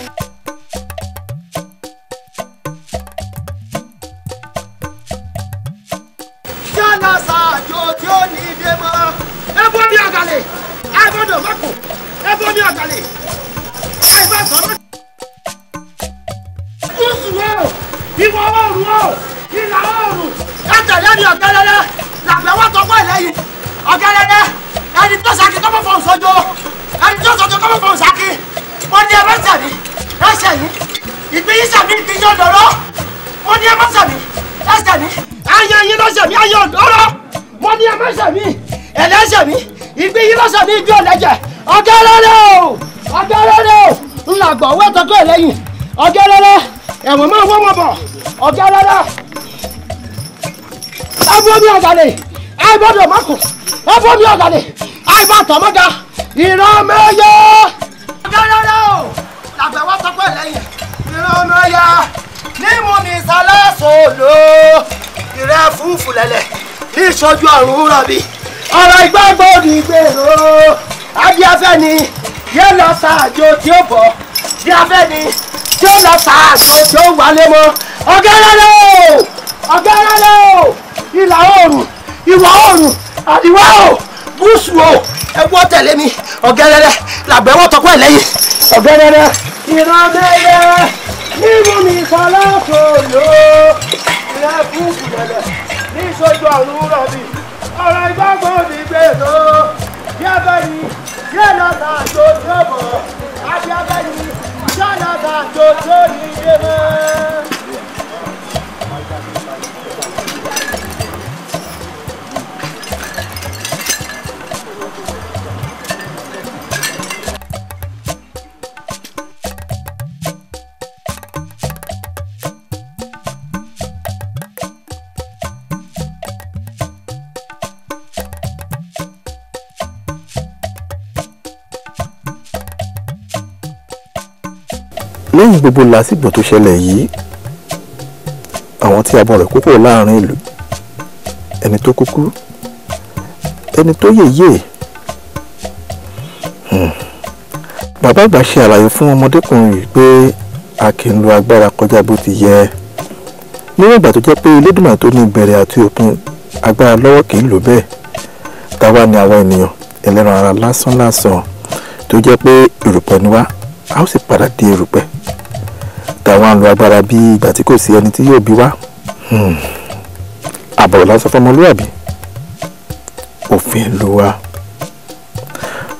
Speaker 1: mi ò má ní àtàlẹ́ ẹ bá sọ ọ́. gúúsù oòrùn o ìlà oòrùn. látàlẹ́ ni ọ̀gẹ́rẹ́rẹ́ làgbẹ́ tọ́gbọ́ ìlẹ́yìn ọ̀gẹ́rẹ́rẹ́ ẹni tó sàkí kọ́mọ́ fọ̀hún sọ́jọ́ ẹni tó sọ́jọ́ kọ́mọ́ fọ̀hún sàkí wọ́n ní ẹ bá sàmì ẹsẹ̀ yìí ìgbéyìí sàmì ìgbéyìí ọ̀dọ́rọ́ wọ́n ní ẹ bá sàmì ẹsẹ̀ mi ayé yín lọ́sẹ̀ mi ayé ọ̀dọ́rọ́ wọ́n ní ẹ bá sàmì ẹlẹ́sẹ̀ mi ìgbín yìí lọ́sàn ní ibi ọ̀lẹ́jẹ̀ ọ̀gẹ́rẹ́rẹ́ o
Speaker 6: ọ̀gẹ́rẹ́rẹ́
Speaker 1: o ńlá gbọ̀ owó ẹ̀tọ́kọ́ ẹ̀ lẹ́yìn ọ̀gẹ́rẹ́rẹ́ ẹ̀wọ̀n máa wọ́n wọn bọ̀ ọ̀gẹ́rẹ́rẹ́ ẹ̀fọ́mi ọ̀gàlè ẹ̀bọ̀dọ̀ mọ́kù ẹ̀fọ́mi ọ̀gàlè ẹ̀bọ̀tọ̀ mọ́ga ìrọ̀mẹ́yẹ ọ̀gẹ́rẹ́rẹ́ o làgbẹ̀ wọ́n tọ́kọ́ ẹ̀ lẹ́yìn ìrọ̀mẹ́yẹ nímú mi sálẹ̀ sòlò ìrẹ́ fúfú lẹ̀lẹ̀ ní ìṣojú ọ̀run rọ̀bì ọ̀rọ̀ ìgbàgbọ́ òdì gbèrò abíafẹ́ ni yóò lọ sàájò tí ó bọ̀ bíafẹ́ ni tí ó lọ sàájò tí ó wálé mọ́ ọ̀gẹ́rẹ́lẹ́ o ọ̀gẹ́rẹ́lẹ́ o ìlà oòrùn ìwà oòrùn àdìwá o gúúsù o ẹgbọ́ tẹ̀lé mi ọ̀gẹ́rẹ́rẹ́ làgbẹ̀wọ́ tọpọ̀ ẹ̀lẹ́yìn ọ̀gẹ́rẹ́rẹ́ ìrọ̀lẹ́rẹ́ nínú mi kan lákòó lò ó ìrẹ́kùn kùdẹ̀dẹ̀ ní ìṣojú ọ̀run rọ̀bì ọ̀rọ̀ ìgbàgbọ́ ní gbèrò bí abẹ́ni yé lọ́ta àjò tí ó bọ̀ àbí abẹ́ni yé lọ́ta àjò tí ó ní yé mọ́.
Speaker 7: gbogbo làásìgbò tó ṣẹlẹ̀ yìí àwọn tí abọ́ rẹ̀ kókó láàrin ìlú ẹni tó kúkú ẹni tó yèyè hmm. bàbá àgbà ṣe àlàyé fún ọmọdékùnrin yìí pé a kì í lo agbára kọjá bó ti yẹ níwọ̀n ìgbà tó jẹ́ pé Elédùmarè tó ní ìbẹ̀rẹ̀ àti òpin agbára lọ́wọ́ kì í lò bẹ́ẹ̀ táwa ni àwa ènìyàn ẹlẹ́ran ara lásán lásán tó jẹ́ pé erùpẹ̀ ni wá a ó sì padà di erùpẹ̀ àwọn àlọ́ agbára bíi ìgbà tí kò sí ẹni tí yóò bí wá hmm. àbọ̀ lásán fọmọlúwàbí òfin ló wà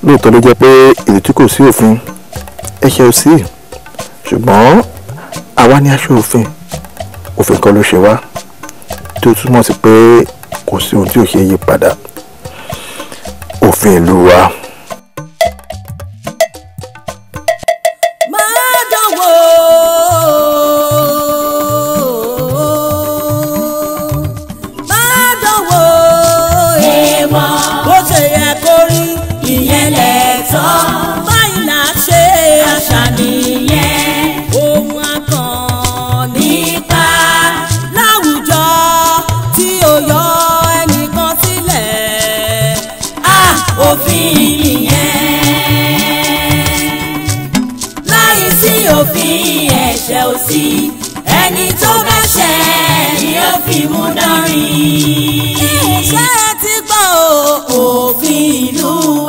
Speaker 7: lóòótọ́ ló jẹ́ pé ìlú tí kò sí òfin ẹ̀ṣẹ̀ ò sí ṣùgbọ́n àwa ní aṣọ òfin òfin kan ló ṣe wá tí ó túmọ̀ sí pé kò sí ohun tí ò ṣe yí padà òfin ìlú
Speaker 4: wa. lórí ìyẹn lẹ́tọ́. báyìí là á ṣe àṣà nìyẹn. ohun akàn nípa láwùjọ tí ó yọ ẹnìkan sílẹ̀. a òfin nìyẹn. láì sí òfin ẹ̀ṣẹ̀ ò sí ẹni tó bá ṣẹ̀ ni ó fi mú dánrin. ṣé ẹ ti gbọ́ o. の